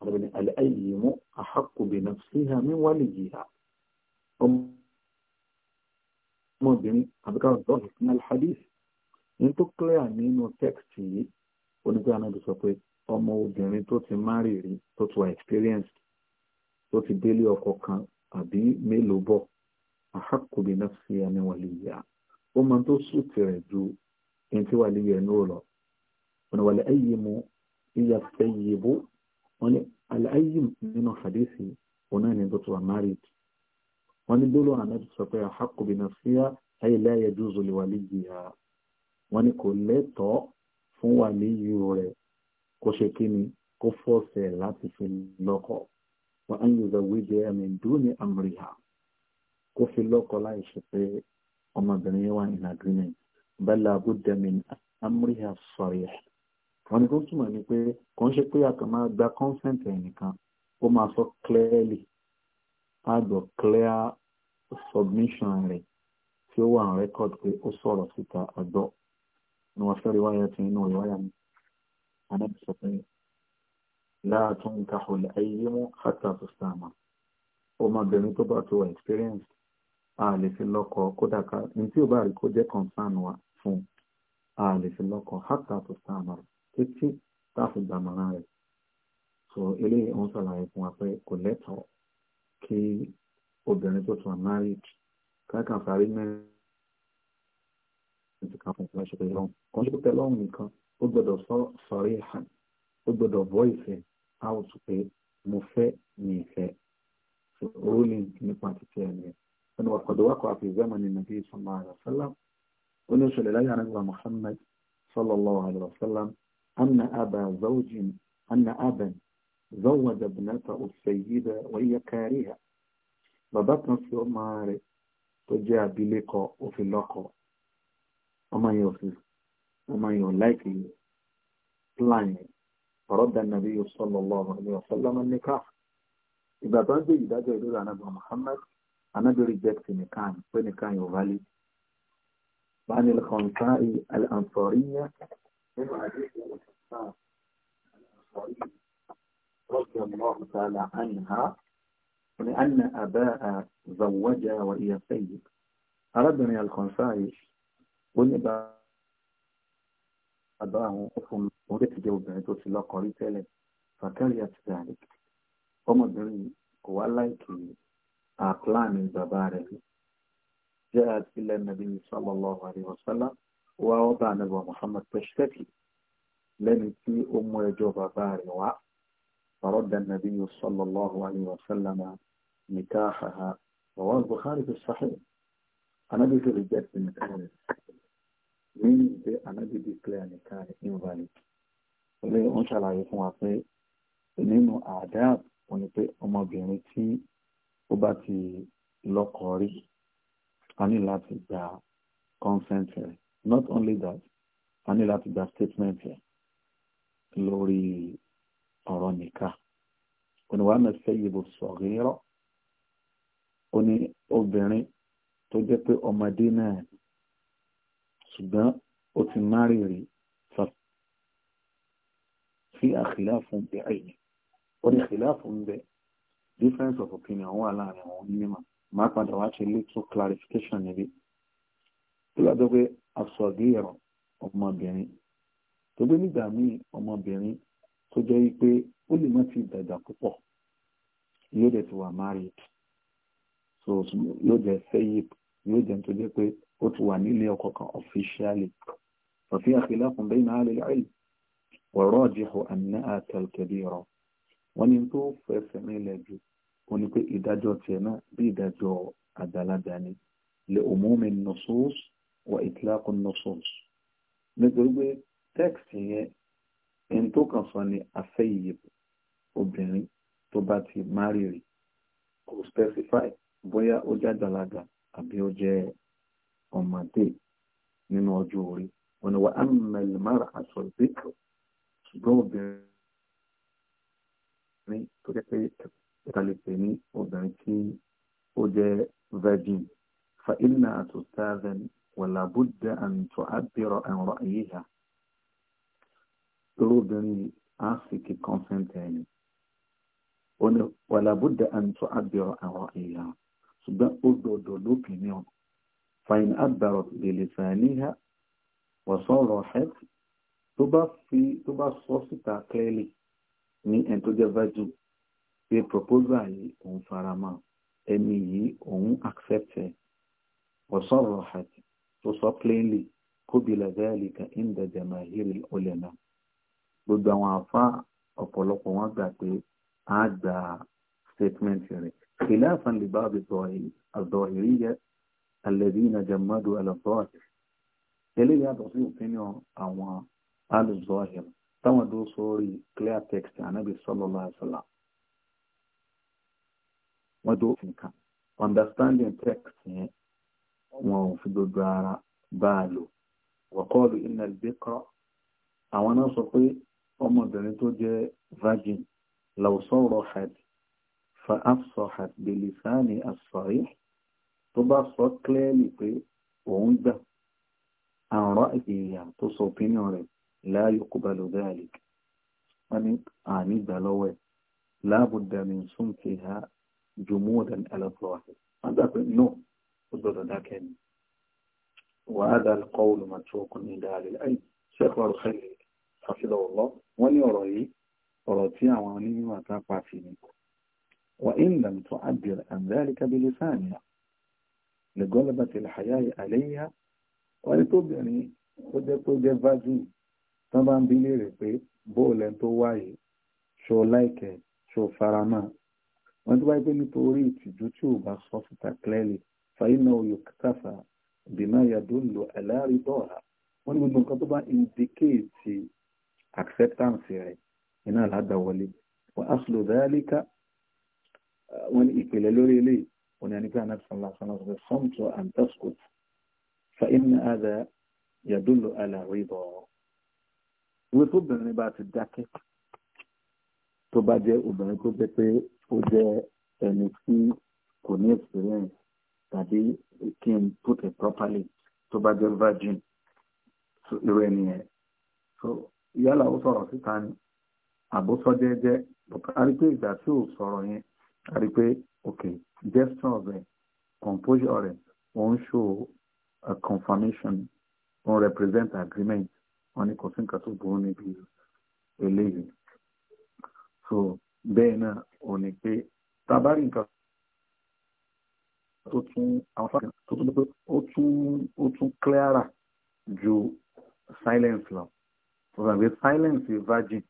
Àbẹ̀bẹ̀ ni àlẹ́ ayé mú àhákùbì náà sí ha mí wá yìí ha. Ọmọbìnrin àbíkáwọ̀ dọ́ọ̀lù ní alhadith. Ní tó kílẹ̀ nínú tẹ́kìtì yìí, onígbà náà ti sọ pé ọmọ obìnrin tó ti márì rí tó ti wà experienced tó ti délé ọkọ kan àbí mélòó bọ̀ àhàkùbí nafsi ẹni wàlíyà ó máa tó sùn tirẹ̀ ju ẹni tí wàlíyà ẹni ò lọ wọn wà láàyè mu ìyá fẹ́yìí bó wọn ní àlàyé nínú hadithi òun náà ni tó ti wà márì wọn ní gbólóhàn ànábì sọ pé àhàkùbí nafsi ayé láyé jùzọ lè wàlíyà wọn ní kò lẹ́tọ̀ọ́ fún wàlíyù rẹ̀ kó ṣe kí ni kó fọ́ọ̀sẹ̀ láti fi lọ́kọ wọn á yóò zọwé jẹ ẹmí dúró ní amúríhà kó fi lọ́kọ láì ṣe pé ọmọbìnrin yẹn wà ní agreement bẹ́ẹ̀ abúdé mi amúríhà sọ̀rọ̀ wọn ni kó túmọ̀ ni pé kò ń ṣe pé a kàn máa gba consent ẹ̀ nìkan ó máa sọ clearly á gbọ́ clear submission rẹ̀ tí ó wà on record pé ó sọ̀rọ̀ síta àgbọ̀ ni wọ́n fẹ́ rí wáyà tí inú ìwáyà mi anábì sọ pé láàtún ìkàhùlẹ̀ ayé mú hátà tó sàmà ọmọbìnrin tó bá tó experience a lè fi lọ́kọ kódà ká ní tí ò bá rí kó jẹ́ concern wa fún a lè fi lọ́kọ hátà tó sàmà títí táàfù gbàmọ̀ràn rẹ̀ so eléyìí ń ṣàlàyé fún wa pé kò lẹ́tọ̀ọ́ kí obìnrin tó tún married káàkiri mẹ́rin ti kà fún ìfúnṣe pẹ̀lú ọ̀hún kan ṣe pẹ̀lú ọ̀hún nìkan. ó gbọ́dọ̀ sọ sọ̀ríhàn ó gbọ́dọ̀ bọ́ ìfẹ́ out pé mo fẹ́ ní ìfẹ́ ruling nípa títí ẹ̀ ní ẹni wà kọ̀dọ̀ wákọ̀ àfi ìgbẹ́mọ̀ ní nàbí sọ́mọ́ àlọ́sálàm ó ní ìṣẹ̀lẹ̀ láyé àrẹ́gbà Muhammad sallallahu alaihi wasallam anna aba zawjin anna aban zawwaja ibnatahu sayyida wa hiya kariha bàbá kan fi ọmọ rẹ̀ tó jẹ́ abilékọ ó fi lọ́kọ ọmọ yẹn ò sì وما يلاقي plan فرد النبي صلى الله عليه وسلم النكاح إذا بعد إذا يقول أنا محمد أنا بريجكت نكاح فنكاح يغالي عن الخنساء الأنصارية الخنساء الأنصارية رضي الله تعالى عنها لأن يعني أباء زوجها وهي سيد أردني الخنساء àbá àwọn fún mi òun lè ti jẹ́ obìnrin tó ti lọ́kọ rí tẹ́lẹ̀ fàkẹ́rì àti dàrẹ́ ọmọbìnrin kò wá láìkì àpláàni bàbá rẹ̀ jẹ́ àti ilẹ̀ nàbí sallallahu alaihi wasallam wá ọba ànàbọ̀ Muhammad pẹ̀ṣẹ́kì lẹ́ni tí ó mú ẹjọ́ bàbá rẹ̀ wá فرد النبي صلى الله عليه وسلم نكاحها رواه البخاري في الصحيح أنا بيت رجال من الأهل means pé anabi declare nìkan rẹ̀ invalid ilé ń ṣàlàyé fún wa pé nínú adab wọn ni pé ọmọbìnrin tí ó bá ti lọ́kọ rí a ní láti gba consent rẹ̀ not only that a ní láti gba statement rẹ̀ lórí ọ̀rọ̀ nìkan oníwàmẹ̀ sẹ́yìnbó sọ̀rọ̀ ó ní obìnrin tó jẹ́ pé ọmọdé náà ṣùgbọ́n ó ti márì rí sí àkìlá fún bẹ àìní ó ní àkìlá fún difference of opinion wà láàrin àwọn onímọ̀ máa padà wá ṣe little clarification níbi tó lọ́jọ́ pé àsọ̀gé ẹ̀rọ ọmọbìnrin tó gbé nígbà míì ọmọbìnrin tó jẹ́ wípé ó lè má ti dàgbà púpọ̀ yóò dẹ̀ ti wà married so yóò jẹ́ sẹ́yìn yóò jẹ́ tó jẹ́ pé ó ti wà nílé ọkọ kan officially fàfi khilafun bayna ahli al-ilm warrajihu annaha al-kabira wọ́n ní tó fẹsẹ̀ nílẹ̀ jù wọ́n ní pé ìdájọ́ tiẹ̀ náà bí ìdájọ́ àgbàlagbà ni lè umumi nusus wa itlaqu nusus nítorí pé tẹ́ẹ̀kì yẹn ẹni tó kàn sọ ni afẹ́yìí obìnrin tó bá ti máa rí rí kò specify bóyá ó jẹ́ àgbàlagbà àbí ó jẹ́ ọmọdé nínú ọjọ́ orí wọn ni wà á mẹ́lẹ̀ mara aṣọ ìdíkọ̀ ṣùgbọ́n obìnrin tó jẹ́ pé ìtàlẹ̀pẹ̀ ní obìnrin tí ó jẹ́ virgin fa iná àtúntàzẹn wàlà búdà àǹtọ̀ àbírọ̀ ẹ̀rọ àyíká irú obìnrin á sì kí consent ẹni wàlà búdà àǹtọ̀ àbírọ̀ ẹ̀rọ àyíká ṣùgbọ́n ó gbọ́dọ̀ lóbìnrin فإن أدبرت بلسانها وصرحت تبا في تبا صوصتا clearly ní ẹni tó jẹ́ virgin pé proposal yìí òun farama ẹni yìí òun accept ẹ̀ وصرحت tó sọ plainly قبل ذلك عند جماهير العلماء gbogbo àwọn àfa ọ̀pọ̀lọpọ̀ wọn gbà pé a gba statement rẹ̀ خلافا لبعض الظاهرية alladhina jamadu ala zahir eléyìí yàtọ̀ sí opinion àwọn ala zahir táwọn dúró sórí clear text anabi sallallahu alaihi wasallam wọ́n dúró fi nǹkan understanding text yẹn wọn ò fi gbogbo ara bá a lò wa qalu inna al-bikra àwọn náà sọ pé ọmọbìnrin tó jẹ́ virgin law sarrahat fa afsahat bilisani as-sarih tó bá sọ clearly pé òun gbà àrùn èèyàn tó sọ opinion rẹ̀ láàyò kó bá lò dáàlì wọ́n ní àní ìgbà lọ́wọ́ ẹ̀ láàbùdà mi sùn kí ha jumudan alafọ́ wọ́n gbà pé no ó gbọ́dọ̀ dákẹ́ ni وهذا القول متروك عند أهل العلم شيخ الخير حفظه الله wọ́n ní ọ̀rọ̀ yìí ọ̀rọ̀ tí وإن لم تعبر عن ذلك بلسانها lẹ́gọ́lọ́bà tí làyà àlẹ́yà wọ́n tó bìnrin ó jẹ́ tó jẹ́ virgin tán bá ń bí léèrè pé bóòlẹ̀ tó wáyé ṣo láìkẹ̀ ṣo faramá wọ́n tó wáyé pé nítorí ìtìjú tí ò bá sọ síta clearly fàyínà oyò kàtàfà bìnà yàdúlò ẹ̀láàrí dọ́ọ̀la wọ́n ní gbogbo nǹkan tó bá indicate acceptance rẹ̀ iná làdà wọlé wọ́n á sùlò dáyálíkà wọ́n ní ìpìlẹ̀ lórí eléyìí ونعني بها نفس الله صلى الله عليه وسلم صمت أن تسكت فإن هذا يدل على رضا وطبعا بعد الدكة تبادئ وبنكو بيبي وجاء NXT kò ní experience tàbí kí n put it properly tó bá jẹ́ virgin irú ẹni yẹn so yálà ó sọ̀rọ̀ síta ni àbó sọ jẹ́jẹ́ a rí pé ìgbà tí ò sọ̀rọ̀ yẹn a rí okay gesture of a composure rẹ̀ show a confirmation or represent agreement on ni kò sí nǹkan tó burú níbi eléyìí so then, on ò ní pé tábàrí nǹkan tó tún àwọn to tó tún pé ó tún ó clearer ju silence lọ so that silence is virgin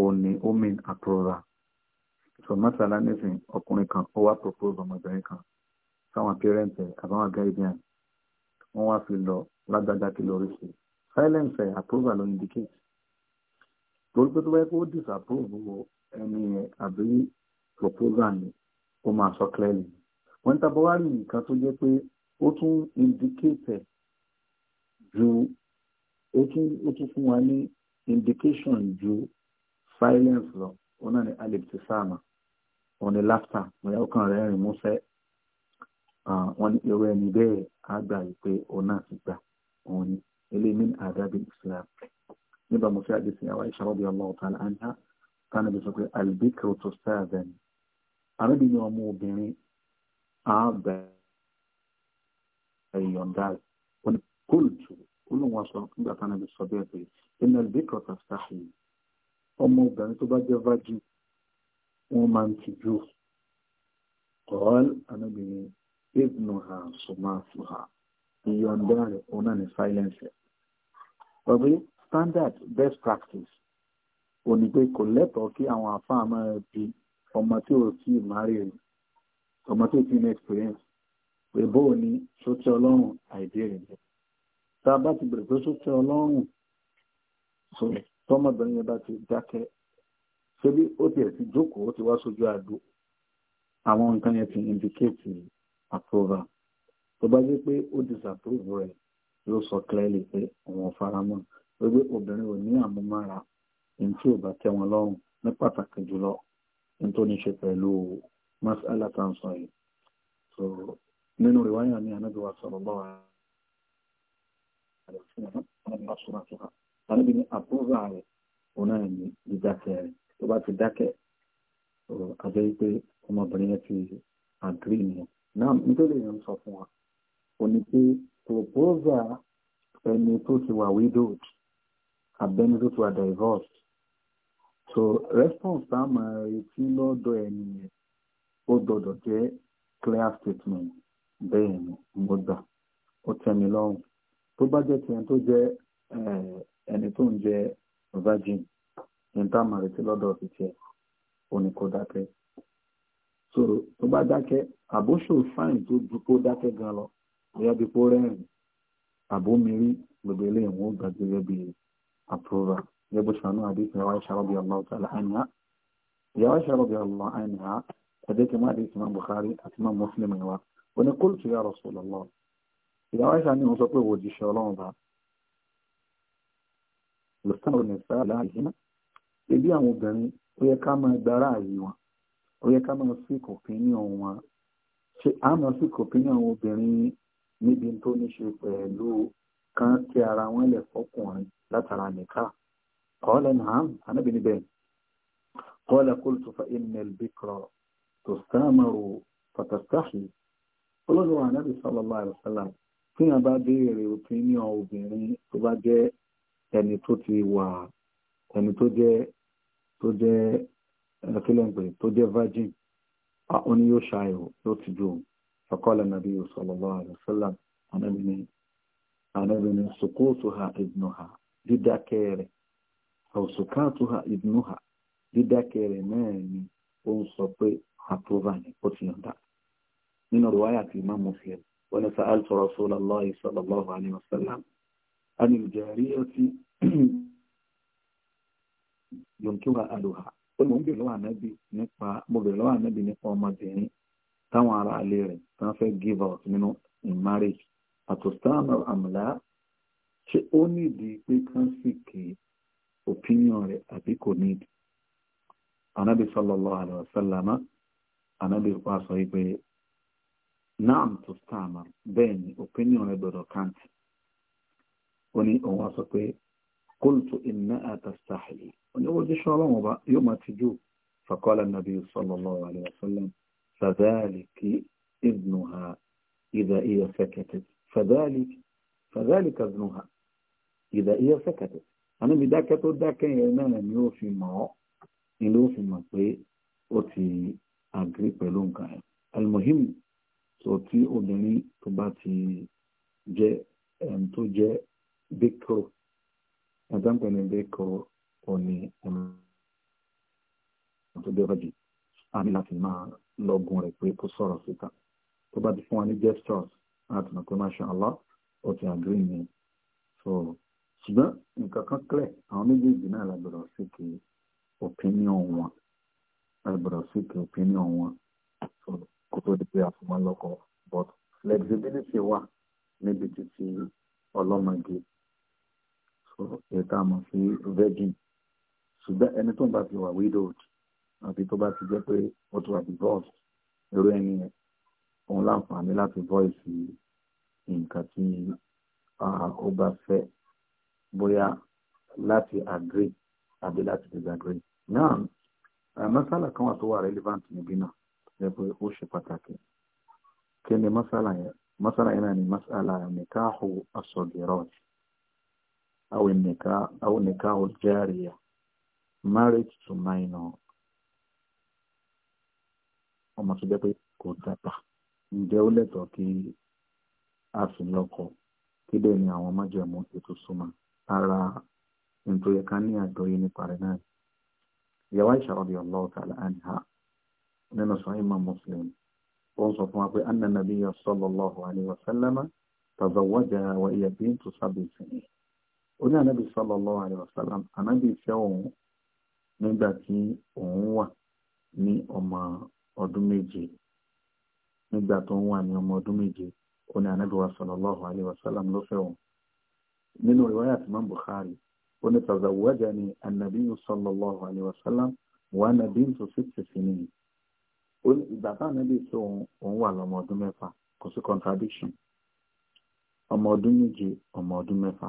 ò ní ó mean approval so masala nísìn ọkùnrin kan ó wá propose ọmọbìnrin kan sáwọn parent ẹ àbáwọn guardian wọn wá fi lọ lágbájá kí lórí sí silence ẹ approval ló indicate torí pé tó bá yẹ kó disapprove ẹni ẹ àbí proposal ni ó máa sọ clearly wọn ń tabọ wá rí nǹkan tó jẹ pé ó tún indicate ju ó tún ó tún fún wa ní indication ju silence lọ ó náà ní aliptisama wọ́n ní láftà wọ́n yà ọkàn rẹ̀ rìn músẹ́ wọ́n ní irú ẹni bẹ́ẹ̀ á gbà yìí pé òun náà ti gbà òun ni eléyìí min adabi islam nígbà mo fi àdìsí àwọn Aisha radiyallahu ta'ala anha kánà bí sọ pé albikro tó sáàbẹ̀ ni arábìnrin ọmọ obìnrin á gbà ìyọ̀ǹda wọn ni kóòtù olóhùn aṣọ nígbà kánà bí sọ bẹ́ẹ̀ pé inna albikro tó sáàbẹ̀ ọmọ obìnrin tó bá jẹ́ virgin wọ́n máa ń tijú kọ́ọ́l anábìnrin ibnu ha sùmáàfù ha ìyọ̀ǹda rẹ̀ òun náà silence ẹ̀ standard best practice ò ní pé kò lẹ́tọ̀ọ́ kí àwọn àfáà máa bi ọmọ tí ò tí ì máa ọmọ tí ò tí ní experience pé bóò ni sótí ọlọ́run àìbéèrè jẹ́ tá a bá ti bẹ̀rẹ̀ pé sótí ọlọ́run tọmọbìnrin yẹn bá ti dákẹ́ ṣebí ó tiẹ̀ ti jókòó ó ti wá sójú àdó àwọn nǹkan yẹn ti indicate approval tó bá jẹ́ pé ó disapprove rẹ̀ yóò sọ clearly pé òun fara mọ́ wípé obìnrin ò ní àmúmára ní tí ò bá tẹ́ wọn lọ́rùn ní pàtàkì jùlọ ní tó ní ṣe pẹ̀lú masala tá yìí so nínú rìwáyà ní anábìwá sọ̀rọ̀ lọ́wọ́ àrẹ fún ọ̀nà ni ìwàsùn àtúnṣe àrẹ bí ní approval rẹ̀ òun náà ní dídákẹ́ rẹ̀ tó bá ti dákẹ́ àjọ yìí pé ọmọbìnrin yẹn ti àgírí ni? náà nítorí èèyàn sọ fún wa ò ní pé proposal ẹni tó ti wà widowed abẹ́ni tó ti wà divorced so response tá a máa retí lọ́dọ̀ ẹni yẹn ó gbọ́dọ̀ jẹ́ clear statement bẹ́ẹ̀ ni mo gbà ó tẹ́mi lọ́rùn tó bá jẹ́ tiẹ̀ tó jẹ́ eh, ẹni tó ń jẹ́ virgin níta màrí tí lọ́dọ̀ ti tiẹ̀ ó ní kó dákẹ́ so tó bá dákẹ́ àbóṣò fáìn tó ju kó dákẹ́ gan lọ bóyá bí kó rẹ́rìn àbómirí gbogbo eléyìí wọn ó gbà gẹ́gẹ́ bí àpúrà gẹ́gẹ́ bó ṣàánú àdéhùn ẹwà ìṣàrọ̀ bí ọlọ́ ọ̀tàlá àìníhà ìyàwó ìṣàrọ̀ bí ọlọ́ àìníhà ẹ̀jẹ̀ kí má àdéhùn máa Bukhari àti máa Muslim ẹ̀wà ó ní kóòtù ya Rasulullah ìyàwó ìṣàní wọn sọ pé wò ó ebi àwọn obìnrin ó yẹ ká máa gbára àyè wọn ó yẹ ká máa sí opinion wọn ṣe á máa sí opinion àwọn obìnrin níbi tó ní ṣe kan tí ara wọn lè fọkùnrin látara nìka kọ́lẹ̀ náà anábì níbẹ̀ kọ́lẹ̀ qultu fa innal bikra tustamaru fatastahi olóòwò anábì sallallahu alaihi wasallam tí wọn bá béèrè opinion obìnrin tó bá jẹ́ ẹni tó ti wà ẹni tó je. tó jẹ́ kílẹ̀ǹpẹ̀ tó jẹ́ virgin ó ní yóò ṣàyẹ̀wò yóò ti ju faqala nabiyyu sallallahu alaihi wasallam anábìnrin sukutuha ibnuha dídákẹ́ rẹ̀ aw sukatuha ibnuha dídákẹ́ rẹ̀ náà ni ó ń sọ pé àtúbà ni ó ti yọ̀ǹda nínú rìwáyà tí imam muslim wọn ni sa'altu rasulallahi sallallahu alaihi wasallam anil jariyati yontura aluha ó ní mo ń bèrè lọ́wọ́ ànábì nípa mo bèrè lọ́wọ́ ànábì nípa ọmọbìnrin táwọn ará ilé rẹ̀ tí wọ́n give out nínú in marriage àtòstáàmù àmàlà ṣé ó nídìí pé kán sì kì opinion rẹ̀ àbí kò nídìí ànábì wa sọ pé naam ni opinion ó ní òun sọ pé قلت إن تستحي ونقول دي شو الله يوم تجو فقال النبي صلى الله عليه وسلم فذلك ابنها إذا هي سكتت فذلك فذلك ابنها إذا هي سكتت أنا بداك تقول داك أنا نيو في ما نيو في ما بي أتي أجري بلون كان المهم صوتي أدني تباتي جاء أنتو جاء بكرو nadam kwenye mbeko oni tó dé ọjì a ní láti máa lọ́gùn rẹ̀ pé kó sọ̀rọ̀ síta tó bá ti fún wa ní gestures láti mọ̀ pé masha allah ó ti agree ni so ṣùgbọ́n nǹkan kan clear àwọn méjèèjì náà lágbọ̀dọ̀ sí kí opinion wọn lágbọ̀dọ̀ sí kí opinion wọn so kó tó di pé a fún wọn lọ́kọ̀ but flexibility wà níbi títí ọlọ́mọge ẹ̀ta mọ̀ sí virgin ṣùgbọ́n ẹni tó ń bá ti wà widowed àti tó bá ti jẹ́ pé ó ti wà divorced irú ẹni yẹn òun láǹfààní láti voice nǹkan tí ó bá fẹ́ bóyá láti agree àbí láti disagree náà mọ́sálà kan wà tó wà relevant níbí náà jẹ́ pé ó ṣe pàtàkì kí ni mọ́sálà yẹn mọ́sálà yẹn náà ni mọ́sálà nìkáàhù asọ̀gẹ̀rọ̀jì. أو النكاح أو نكاح الجارية marriage to minor ọmọ tó jẹ́ pé kò dàgbà ǹjẹ́ ó lẹ́tọ̀ọ́ kí a fi lọ́kọ kí bẹ́ẹ̀ ni àwọn májẹ̀mú ètò súnmọ́ ara nítorí ká ní àgbọ́yé nípa rẹ̀ náà ìyàwó Aisha radiyallahu ta'ala anha nínú sahih Imam Muslim ó ń sọ fún wa pé anna nabiyya sallallahu alayhi wa sallama tazawwajaha wa hiya bintu sab'i sinin oní ànábì sallallahu alaihi wasallam ànábì fẹ́ òun nígbà tí òun wà ní ọmọ ọdún méje nígbà tó ń wà ní ọmọ ọdún méje oní ànábì wa sallallahu alaihi wasallam ló fẹ́ òun nínú riwaya ti Imam Bukhari oní tazawwajani ànábì sallallahu alaihi wasallam wa ana bintu sitti sinin ìgbà táwọn ànábì fẹ́ òun òun wà lọ́mọ ọdún mẹ́fà kò sí contradiction ọmọ ọdún méje ọmọ ọdún mẹ́fà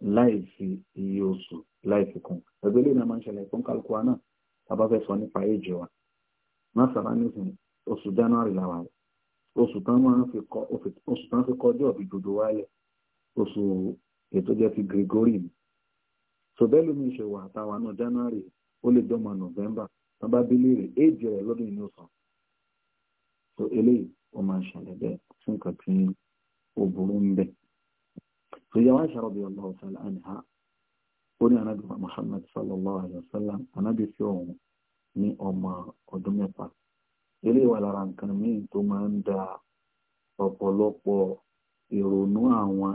láì fi iye oṣù láì fi kún ẹgbẹ́ ilé náà máa ń ṣẹlẹ̀ fún kálukú wa náà tàbá fẹ́ sọ nípa èjì wa má sábà nísìn oṣù january làwà rẹ̀ oṣù tán máa ń fi kọ oṣù tán fi kọjú ọ̀bí dodo wálẹ̀ oṣù ètò jẹ́ ti gregory sọbẹ́lú mi ṣe wà táwa náà january ó lè dọ́mọ november tán bá bílé rẹ̀ èjì rẹ̀ lọ́dún inú sàn so eléyìí ó máa ń ṣẹlẹ̀ bẹ́ẹ̀ fún nǹkan ó burú ń bẹ́ẹ̀. فهي عائشة رضي الله تعالى عنها قولي أنا بما محمد صلى الله عليه وسلم أنا بفيوم ni ọmọ ọdún mẹ́fà eré wà lára nǹkan míì tó máa ń da ọ̀pọ̀lọpọ̀ ìrònú àwọn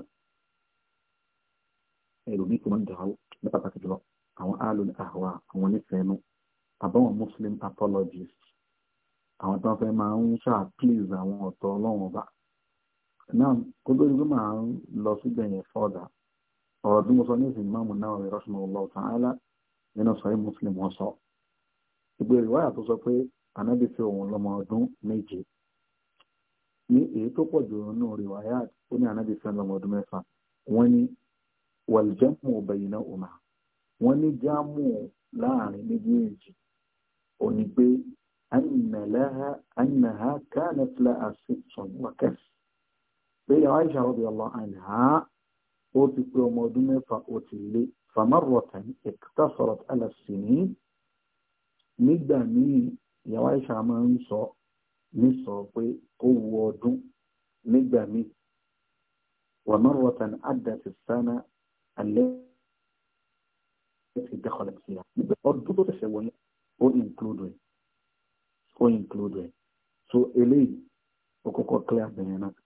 ẹlòmíì tó máa ń da ní pàtàkì jùlọ àwọn alùn àwa àwọn onífẹ̀ẹ́nu àbáwọn muslim apologists àwọn tó fẹ́ máa ń ṣàpèsè àwọn ọ̀tọ̀ ọlọ́run ọba náà kó tó di pé màá lọ síbẹ̀ yẹn fọ́ọ̀dà ọ̀rọ̀ tí mo sọ ní ìsìn Imam Nawawi rahimahullahu ta'ala nínú Sahih Muslim wọn sọ ìgbé ìwáyà tó sọ pé anábì fi òun lọ́mọ ọdún méje ní èyí tó pọ̀ jù nínú ìwáyà ó ní anábì fi lọ́mọ ọdún mẹ́fà wọ́n ní wàlìjẹ́mù ọ̀bẹ̀yìnà ọ̀mà wọ́n ní jáàmù láàrin méjèèjì òní pé annaha kanat laha sittun pé Aisha radiyallahu anha ó ti pé ọmọ ọdún mẹ́fà ó ti lé famarrotan iktasarat ala sinin nígbà míì ìyàwó Aisha máa ń sọ ní sọ pé ó wu ọdún nígbà míì wàmárọ̀tàn àdàtì sánà alẹ́ ti dẹ́kọ̀lẹ̀ sí nígbà ọdún tó tẹ̀sẹ̀ wọlé ó include ó include so eléyìí ó kọ́kọ́ clear bẹ̀rẹ̀ náà.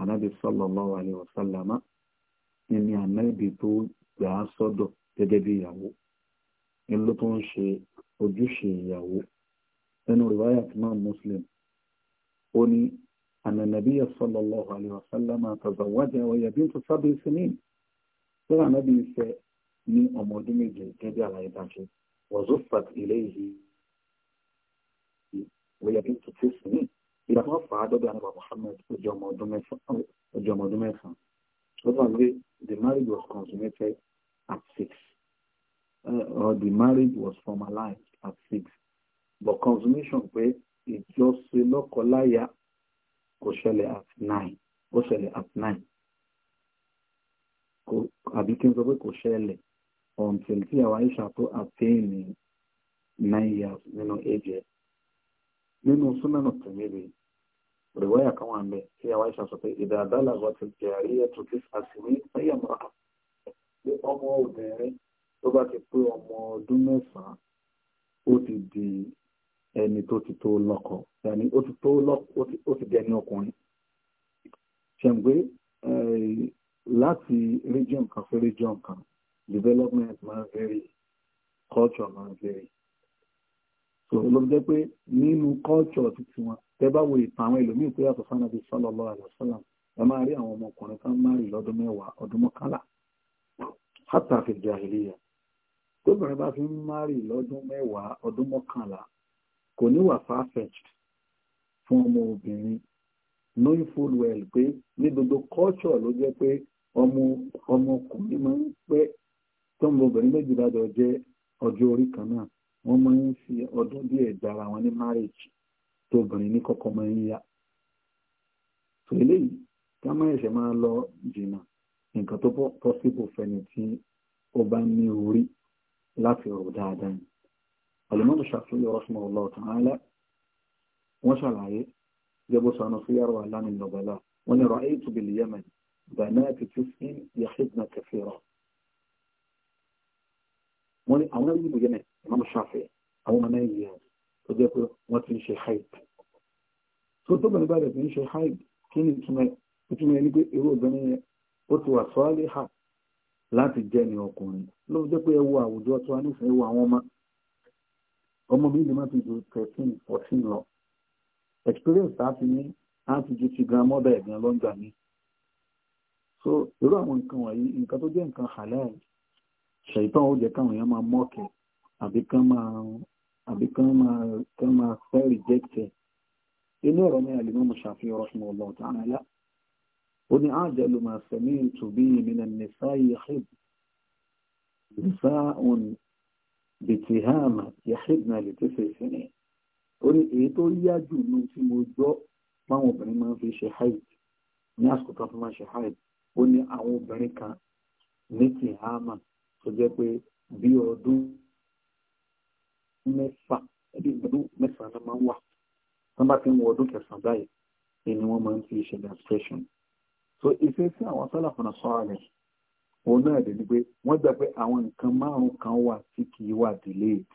anábì sallallahu alaihi wasallam ní anábì tó gbà á sọ́dọ̀ gẹ́gẹ́ bí ìyàwó ní ló tó ń ṣe ojúṣe ìyàwó nínú rìwáyà tí máa muslim ó ní ànànàbí sallallahu alaihi wasallam tazawwaja wa hiya bintu sab'i sinin tó anábì fẹ́ ní ọmọ ọdún méje gẹ́gẹ́ àlàyé dáṣe wa zuffat ilayhi wa hiya bintu tis'in ìgbà tó fà á dọ́dọ̀ àrùbà Muhammad ọjọ́ ọmọ ọdún mẹ́sàn-án ó fà pé the marriage was consummated at six uh, or the marriage was formalized at six but consummation pé ìjọsìn lọ́kọláya kò ṣẹlẹ̀ at nine ó ṣẹlẹ̀ at nine àbí kí n sọ pé kò ṣẹlẹ̀ until tí àwọn Aisha tó attain nine years nínú age nínú súnmọ́nà tẹ̀lé rèé. رواية كمان به هي عائشة صفية إذا بلغت الجارية تسع سنين فهي امرأة ọmọ obìnrin tó bá ti pé ọmọ ọdún mẹ́sàn-án ó ti di ẹni tó ti tó lọ́kọ yàní ó ti tó lọ́kọ ó ti di ẹni ọkùnrin ṣẹ̀ǹgbé eh, láti region kan sí region kan development máa ń vary culture máa ń sọ̀rọ̀ ló jẹ́ pé nínú kọ́ọ̀tù tuntun wọn tẹ bá wo ìtàn àwọn ẹlòmíì tó yàtọ̀ sánà bíi sallallahu alaihi wasallam ẹ máa rí àwọn ọmọkùnrin kan máa rí lọ́dún mẹ́wàá ọdún mọ́kànlá hatta fi jahiliya tóbìnrin bá fi ń máa rí lọ́dún mẹ́wàá ọdún mọ́kànlá kò ní wà far-fetched fún ọmọ obìnrin knowing full well pé ní gbogbo kọ́ọ̀tù ló jẹ́ pé ọmọkùnrin máa ń pẹ́ tó ń bọ wọ́n máa ń fi ọdún díẹ̀ dára wọn ní márèjì tóbìnrin ní kọ́kọ́ máa ń yá tó eléyìí ká má ẹ̀ṣẹ̀ máa lọ jìnnà nǹkan tó pọ́sibù fẹ́ni tí ó bá ní orí láti rò dáadáa ni alimọ́mù ṣàfihàn ọ̀rọ̀ṣùmọ̀ ọlọ́ọ̀tàn alẹ́ wọ́n ṣàlàyé jẹ́bó sọ̀nà sí yàrá wà lánàá ìlọ́gbàlá wọ́n ní ra'aytu bil yemen banaati tisin yahidna kafira wọ́n Imam Shafi àwọn ọmọ Nàìjíríà tó jẹ́ pé wọ́n ti ń ṣe haid tó tó bẹ̀rẹ̀ báyìí ti ń ṣe haid kí ni ìtumọ̀ ẹni pé irú obìnrin yẹn ó ti wà sọ́ọ́lì hà láti jẹ́ ni ọkùnrin ló jẹ́ pé ẹ wo àwùjọ tó wà nífẹ̀ẹ́ wo àwọn ọmọ ọmọ mi lè má fi ju thirteen fourteen lọ experience tá a ti ní á ju ti grandmother ẹ̀gbọ́n lọ́ngbà ni so irú àwọn nǹkan wọ̀nyí nǹkan tó jẹ́ nǹkan halal ṣèyí tán ó jẹ́ káwọn èèyàn máa mọ́ọ̀kẹ́ àbí kán máa àbí kán máa kán máa fẹ́ reject ẹ̀ inú ọ̀rọ̀ náà lè mọ́ ṣàfihàn ọ̀sùn ọ̀lọ́ ta'ala ó ní àjẹlù máa sẹ̀mí ìtòbí ìmìnà nìsá yahid nìsá òun bìtìhàmà yahid náà lè tẹ́sẹ̀ ìsìnì ó ní èyí tó yá jù nù tí mo gbọ́ báwọn obìnrin máa fi ṣe haid ní àsìkò tó máa ṣe haid ó ní àwọn obìnrin kan ní tìhàmà tó jẹ́ pé bí ọdún mẹ́fà ẹbí ọdún mẹ́fà ló máa ń wà wọ́n bá ti ń wọ ọdún kẹsàn-án báyìí ni wọ́n máa ń fi ìṣẹ̀lẹ̀ abstraction so ìfẹ́ sí àwọn sálàfọ̀nà sọ́ra rẹ̀ òun náà dẹ̀ ni pé wọ́n gbà pé àwọn nǹkan márùn-ún kan wà tí kì í wà delayed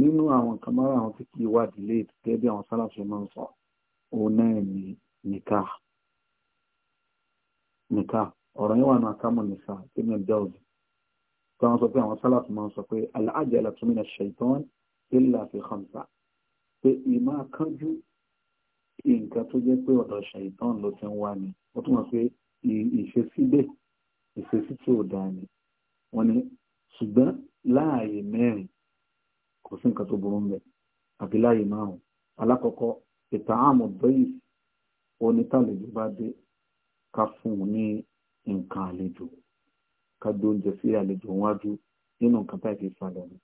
nínú àwọn nǹkan márùn-ún tí kì í wà delayed gẹ́gẹ́ bí àwọn sálàfọ̀nà máa ń sọ òun náà ni nìkà nìkà ọ̀rọ̀ yẹn wà ní akámọ̀ nìkà tí mi ò jẹ́ òdì kan sọ pé àwọn sálàtù máa ń sọ pé aláàjẹlẹ tún mìíràn ṣètọ́n ilà fi khamsa pé ìmá kánjú nǹkan tó jẹ́ pé ọ̀dọ̀ ṣètọ́n ló ti ń wá ni ó túmọ̀ pé ìṣesí bẹ́ẹ̀ ìṣesí tí ò dáa ni wọ́n ní ṣùgbọ́n láàyè mẹ́rin kò sí nǹkan tó burú mbẹ̀ àbí láàyè márùn-ún alákọ̀ọ́kọ́ ìta àmọ̀ bẹ́yìí onítàlejò bá dé ká fún un ní nǹkan àlejò ká dóúnjẹ sí àlejò wájú nínú nǹkan táì fi falẹ̀ ni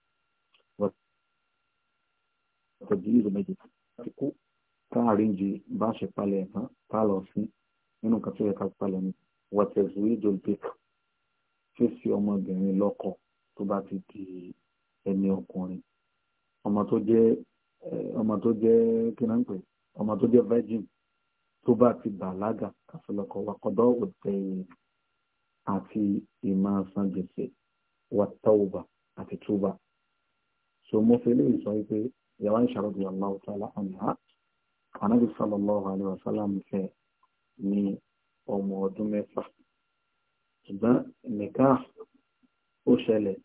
ọ̀tọ̀jú ìlú méjì ti kú káàríǹjì bá ṣe palẹ̀ ẹ̀tàn tá lọ sí nínú nǹkan tó yẹ ká palẹ̀ ni wọ̀tẹ̀jú ìdòlbek fèsì ọmọbìnrin lọ́kọ tó bá ti di ẹni ọkùnrin ọmọ tó jẹ́ ọmọ tó jẹ́ kí ọmọ tó jẹ́ virgin tó bá ti bàlágà kàfẹ́lọ́kọ wakọ̀dọ́ òtẹ̀yìn àti ìmọ̀ san gbèsè wà tọ́wọ́bà àti túbà. so mo fi lè sọ wípé ìyàwó ń ṣàròdì Allahu ta'ala anha Ànábì sallallahu alaihi wa sallam fẹ́ ní ọmọ ọdún mẹ́fà ṣùgbọ́n nìkan ó ṣẹlẹ̀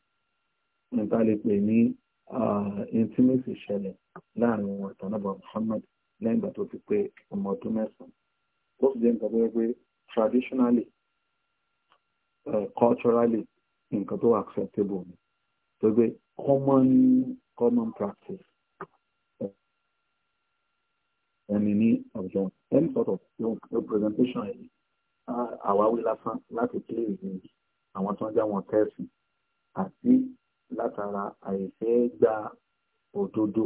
nípa lè pè ní intimacy ṣẹlẹ̀ láàrin wọn ìtànàbà Muhammad lẹ́yìn ìgbà tó fi pé ọmọ ọdún mẹ́sàn-án ó sì jẹ́ nǹkan tó pé traditionally Eh, culturally nǹkan tó acceptable ni tó gbé common common practice eh, ẹni ní ọjọ́ any sort of representation yìí àwáwí lásán láti kí èrè àwọn tó ń já wọn tẹ́sì àti látara àìfẹ́ gba òdodo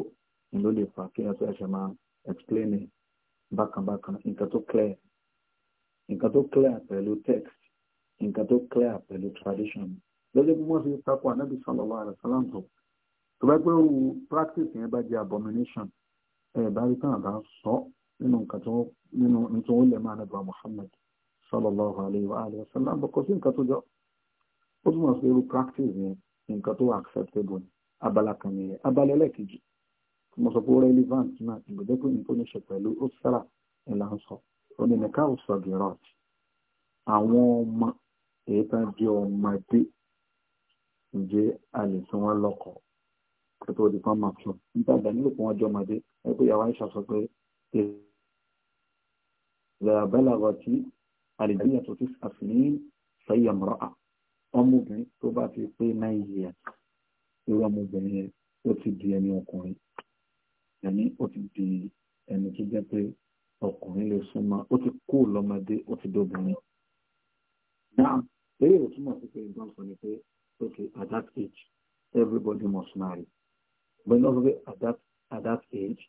ló lè fà kí ẹ tó ẹsẹ̀ máa explain bákan bákan nǹkan tó clear nǹkan tó clear pẹ̀lú text nǹkan tó clear pẹ̀lú tradition lọ́jọ́ bí wọ́n fi takò anábì sallallahu alaihi wasallam tó tó bá pẹ́ òun practice yẹn bá jẹ́ abomination ẹ̀ bá rí tán àbá sọ nínú nǹkan tó nínú nítorí wọ́n lè máa nàbà Muhammad sallallahu alaihi wa alihi wasallam bọ̀ kò sí nǹkan tó jọ ó túmọ̀ sí irú practice yẹn nǹkan tó acceptable ni abala kan nìyẹn abala ẹlẹ́kejì mo sọ pé relevant náà ìgbẹ́jẹ́ pé nǹkan ní ṣe pẹ̀lú ó sára ẹ̀ là ń sọ òní nìkan ò sọ gẹ̀rọ̀t àwọn ọmọ èyí tán jẹ́ ọmọdé ǹjẹ́ a lè fi wọ́n lọ́kọ̀ọ́ kó tó di fún màtú nígbà ìgbà nílò pé wọ́n jẹ́ ọmọdé ẹgbẹ́ ìyàwó àìsàn sọ pé ìlera bẹ́làgọ̀ tí àlejò tó ti àfihàn sẹ́yìn ọmọ ọmọbìnrin tó bá ti pé nine years irú ọmọbìnrin yẹn ó ti di ẹni ọkùnrin ẹni ó ti di ẹni tó jẹ́ pé ọkùnrin lè súnmọ́ ó ti kú lọ́mọdé ó ti dóbìnrin. Now, they ìwò túmọ̀ sí pé ìgbọ́n sọ ni okay at that age everybody must marry but not other at that at that age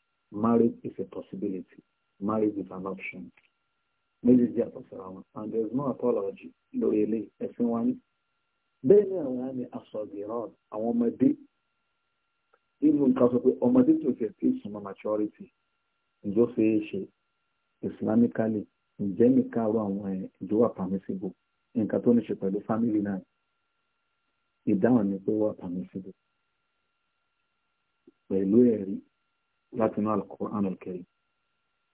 marriage is a possibility marriage is an option méjì jẹ́ àtọ̀sọ̀rọ̀ wọn and there is no apology lórí ilé ẹ̀sìn wa ní. bẹ́ẹ̀ the àwọn I want my ọmọdé even because of pé ọmọdé to fẹ́ tí ìsúnmọ́ maturity ìjọ ṣeé Islamically, islamically ǹjẹ́ nìkan ro àwọn ìjọba permissible nǹkan tó ní ṣe pẹ̀lú fámìlì náà ìdáhùn ni pé wà pàmìsìlò pẹ̀lú ẹ̀rí láti inú Al-Qur'an Al-Karim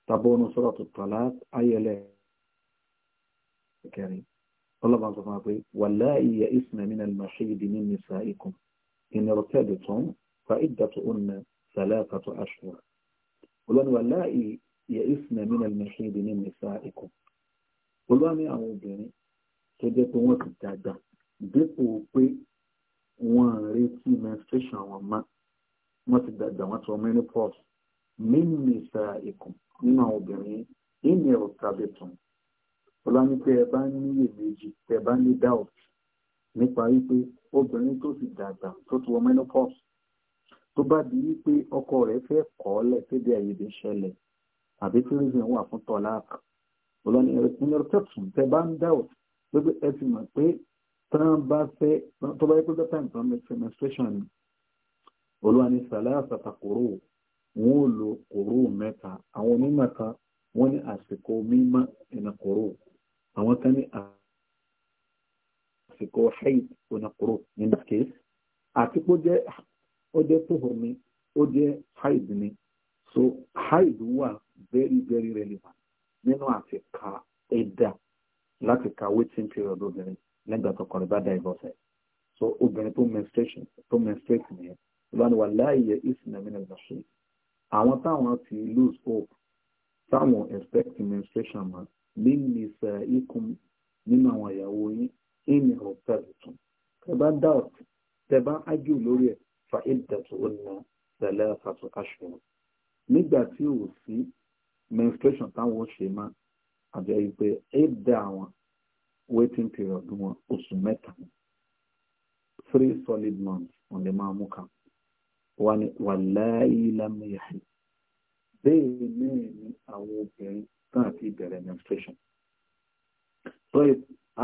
tàbọ́nù Suratu Talaq ayẹlẹ̀ kẹrin ọlọ́bàá sọ fún wa pé wallahi ya'isna minal mahidi min nisa'ikum in irtabtum fa'iddatuhunna thalathatu ashhur olóni wallahi ya'isna minal mahidi min nisa'ikum olóni àwọn obìnrin tó jẹ́ pé wọ́n ti dàgbà dípò pé wọ́n ń retí menstruation àwọn ọmọ wọ́n ti dàgbà wọ́n ti wọ́n menopause nínú ìsà ikùn nínú àwọn obìnrin ìní ẹ̀rọ tàbí tán ọlá ní pé ẹ bá ní iyèméjì ẹ bá ní doubt nípa wípé obìnrin tó ti dàgbà tó ti wọ́n menopause tó bá di wípé ọkọ rẹ̀ fẹ́ kọ́ lẹ̀ tẹ́bi àyèdè ṣẹlẹ̀ àbí tí reason wà fún tọ́lá ọlọ́ni ẹ̀rọ tẹ́tùn tẹ́ bá ń doubt pé ẹ ti mọ̀ pé tán bá fẹ́ tó bá yẹ pé bẹ́tà nǹkan menstruation ni olúwa ní sàlẹ́sà kòró wọn ò lo kòró mẹ́ta àwọn onímọ̀ kan wọ́n ní àsìkò mímọ́ ìnà kòró àwọn kan ní àsìkò haid ìnà kòró in this case àti pé ó jẹ́ tóhùn ni ó jẹ́ haid ni so haid wà very very relevant nínú àti ka ẹ̀dá. E láti ka waiting period obìnrin lẹ́gbàá tọkọrin bá divorce so obìnrin tó menstruation tó menstruate nìyẹn ìbáni wà láàyè ìsìnàmínà ìdàṣe àwọn táwọn ti lose hope táwọn expect menstruation ma nínú ìsẹ̀ ikùn nínú àwọn ìyàwó yín ìní hotel tún tẹ bá doubt tẹ bá argue lórí ẹ fa ìdàtú ọ̀nà tẹ̀lé fàtó aṣọ nígbà tí ò sí menstruation táwọn ó ṣe máa àjọ yìí pé éèdè àwọn waiting period wọn oṣù mẹ́ta three solid months wọn lè máa mú kan wọn ni wàláyé lámìyàhì bẹ́ẹ̀ náà ni àwọn obìnrin tán àti ìbẹ̀rẹ̀ menstruation tó yẹ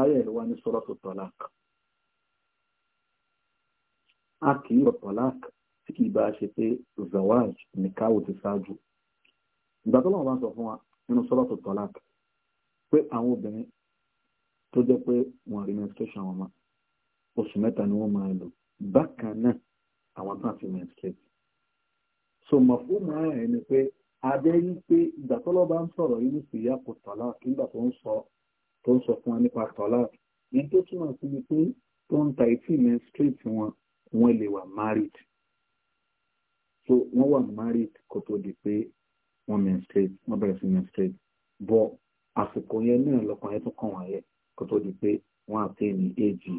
ayé ẹ̀ wá ní sọ́rọ́tò tọ́lák a kì í yọ tọ́lák tí kì í bá ṣe pé zawaj nìkáwò ti ṣáájú ìgbà tó lọ́wọ́ bá sọ fún wa nínú sọ́rọ́tò tọ́lák pé àwọn obìnrin tó jẹ́ pé wọ́n rí menstruation wọn mọ́ oṣù mẹ́ta ni wọ́n máa lò bákan náà àwọn tó àti menstruate so mọ̀ fún màá rẹ̀ ni pé abẹ́ yí pé ìgbà tó lọ́ba ń sọ̀rọ̀ yìí sì yá kò tọ̀lá nígbà tó ń sọ tó ń sọ fún wa nípa tọ̀lá ní tó túmọ̀ sí ni pé tó ń ta etí menstruate wọn wọ́n lè wà married so wọ́n wà married kó tó di pé wọ́n menstruate wọ́n bẹ̀rẹ̀ sí menstruate but àsìkò yẹn náà lọkùnrin tún kàn wọ́n yẹ kó tó di pé wọ́n á pè ní éèjì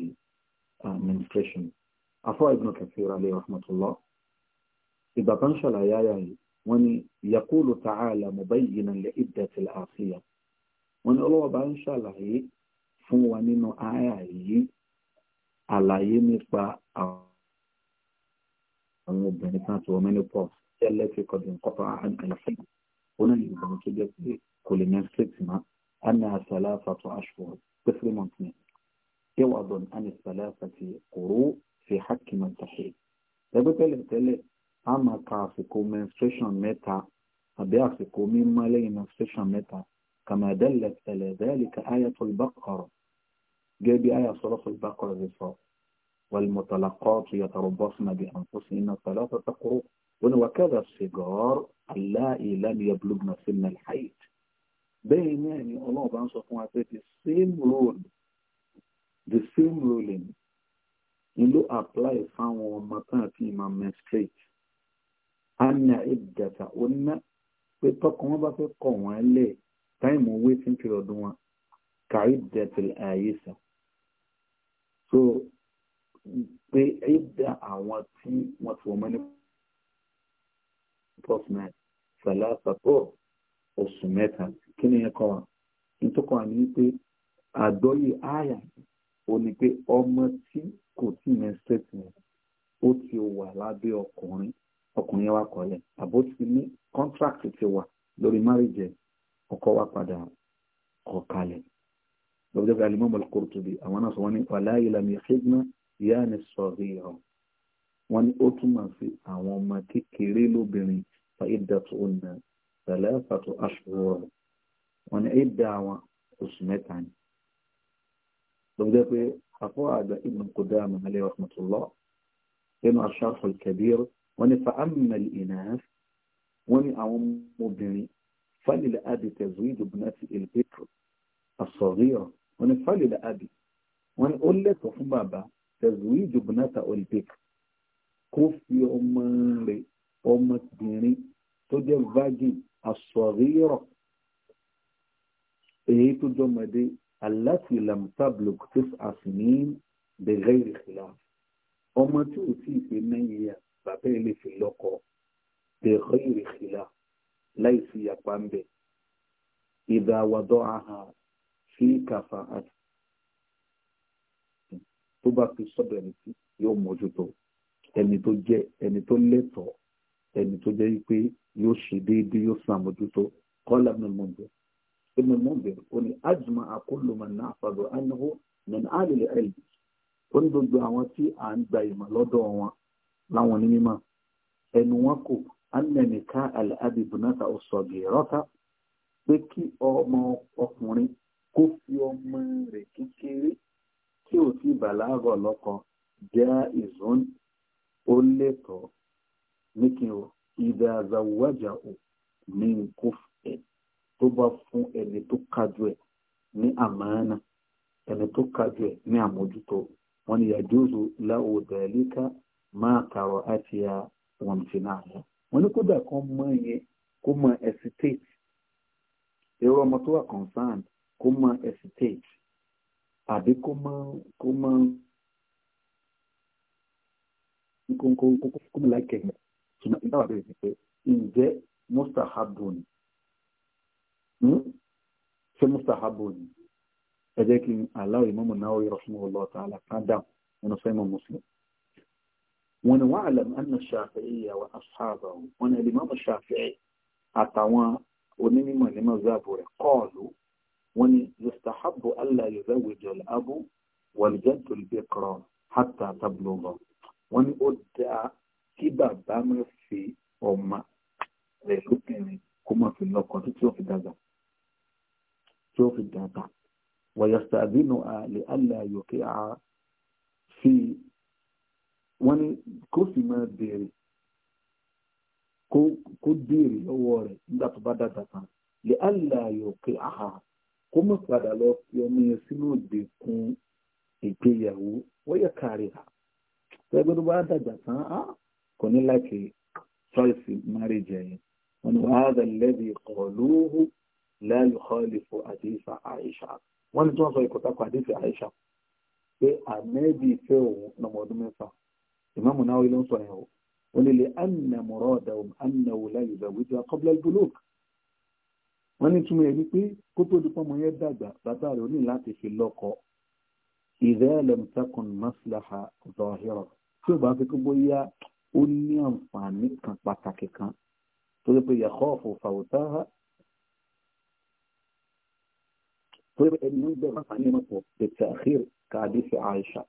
uh, menstruation afọ ibn kathir alayhi rahmatullah ìgbà kan ṣàlàyé àyà yìí wọ́n ní yaqulu ta'ala mubayyinan li iddati al-asiya wọ́n ní ọlọ́wọ́ bá ń ṣàlàyé fún wa nínú àyà yìí àlàyé nípa àwọn obìnrin kan tí wọ́n menopause tẹ́lẹ̀ fi kọ̀dùn kọ́pọ̀ àhàn àyàfẹ́ òun náà ní ìgbà tó jẹ́ pé كل من ستنا أنها ثلاثة أشهر طفل منتني يوعد أن الثلاثة قروء في حق من تحيل ẹgbẹ́tẹ̀lẹ̀ تلي أما máa ka àsìkò menstruation mẹ́ta àbí àsìkò mímọ́ كما دلت على ذلك آية البقرة جاي بآية صلاة البقرة بالصوت والمطلقات يتربصن بأنفسهن ثلاثة قروء وكذا السجار اللائي لم يبلغن سن الحيض bẹ́ẹ̀ náà ni ọlọ́run bá ń sọ fún wa pé the same rule the same ruling ni ló apply fáwọn ọmọ tán àti ìmọ̀ menstruate anna ìdàtà ó ná pé tọkọ wọn bá fẹ́ kọ̀ wọ́n lẹ̀ táìmù waiting period wọn kàrí dẹ̀tìl ààyè sà so pé ìdá àwọn tí wọ́n ti wọ́n mọ́ ní plus nine sàlá sàtọ́ọ̀ oṣù mẹ́ta kí ni ẹ̀kọ́ wa ìtọ́kọ̀ àní pé àgbọ́yé àyà ò ní pé ọmọ tí kò tí ì mẹ́sẹ̀tì wọn ó ti wà lábẹ́ ọkùnrin ọkùnrin wa kọ̀ọ̀lẹ̀ àbó ti ní contract ti wà lórí marriage ọkọ wa padà kọ̀ kalẹ̀ lọ́wọ́ jẹ́bi alimọ́ Al-Qurtubi àwọn náà sọ wọ́n ní wàláyé lami ṣẹ́gbọ́n ìyá ni sọ̀rí ọ̀ wọ́n ní ó túmọ̀ sí àwọn ọmọ kékeré lóbìnrin fa ìdàtú ọ̀nà ثلاثة أشهر وأنا إدعى أسمتني في أفواد ابن قدامة عليه رحمة الله إن الشرح الكبير وأن فأما الإناث وأن أم مبني فللأب تزويد ابنة البكر الصغيرة وأن فللأب وأن أقول لك وفي بابا تزويد ابنة البكر كوفي أمري أمك بني تجي فاجي asọ̀rírọ̀ èyí tó jọmọdé aláti lamtabluk tis asinin bẹ̀rẹ̀ ìrìlá ọmọ tí ò tí ì pé nàìjíríà bàbá ẹ̀ lè fi lọ́kọ bẹ̀rẹ̀ ìrìlá láì sí yapa ń bẹ̀ ìdá àwàdọ́ àhà sí kàfà àti tó bá fi sọ́dọ̀ ẹni tí yóò mójútó ẹni tó jẹ́ ẹni tó lẹ́tọ̀ọ́ ẹni tó jẹ́ pé yóò ṣe déédéé yóò sàmójútó kọ́lá ibn al-Mundhir ibn al-Mundhir ó ní ajma'a kullu man nahfadhu annahu min ahli al-ilm ó ní gbogbo àwọn tí à ń gba ìmọ̀ lọ́dọ̀ wọn láwọn ní mímọ̀ ẹnu wọn kò anẹ́nìká al-abi bunata as-saghirata pé kí ọmọ ọkùnrin kó fi ọmọ rẹ̀ kékeré tí ò ti bàlágọ̀ lọ́kọ jẹ́ ìzún ó lẹ́tọ̀ọ́ níkẹ́ o ìdá àzàwájà o ní nkó ẹ̀ tó bá fún ẹni tó kájú ẹ̀ ní àmàánà ẹni tó kájú ẹ̀ ní àmójútó wọn ni yàjóòzò láwò dàlíkà máa kàrọ̀ àti ya wọn ti náà yá wọn ní kódà kan mọ ìyẹn kó mọ hesitate èrò ọmọ tó wà concerned kó mọ hesitate àbí kó mọ kó mọ kó mọ láìkẹ̀yìn. مستحبون هذاك الله امام النووي رحمه الله تعالى قدم من صيام مسلم وانا اعلم ان الشافعيه واصحابه وانا الامام الشافعي اتوا ونني ما لما زابور قالوا وان يستحب الا يزوج الاب والجد البقره حتى تبلغه وان ادعى kí bàbá má fi ọmọ rẹ̀ lóbìnrin kó má fi lọ́kọ títí ó fi a tí ó fi a fi wọ́n ní kọ sì máa béèrè nga béèrè lọ́wọ́ rẹ̀ nígbà tó bá aha tán a padà lọ fi ọmọ yẹn sínú ìdẹ̀kùn ha fẹ́gbẹ́ kò ní láti choice marriage ẹ̀yìn wọn ni wàá dà lẹ́bi kọ̀ọ̀lùhù lẹ́yìn kọ́ọ̀lìfù àdìsà àìṣà wọn ni tí wọ́n sọ ìkọ̀tà kọ àdìsà àìṣà pé àmẹ́bí ìfẹ́ òun lọ́mọ ọdún mẹ́fà ìmáàmù náà ló ń sọ yẹn o wọn ni lè anna mọ̀rọ̀dà anna wòlá ìgbà wíjọ akọ́bílẹ̀ ìgbòlóòk wọn ni túmọ̀ ẹ̀rí pé kó tó di pọ́nmọ yẹn dàgbà bàbá rẹ̀ ó ní láti fi lọ́kọ ìdẹ́ẹ̀lẹ̀mtakùn maslaha zọ̀hírọ̀ tí ó bá fi kó bóyá ó ní àǹfààní kan pàtàkì kan tó yẹ pé yàkọ́ òfòfà òtá tó yẹ pé ẹni ń bẹ̀rù àǹfààní wọn pọ̀ ètò àkír káàdì sí àìsà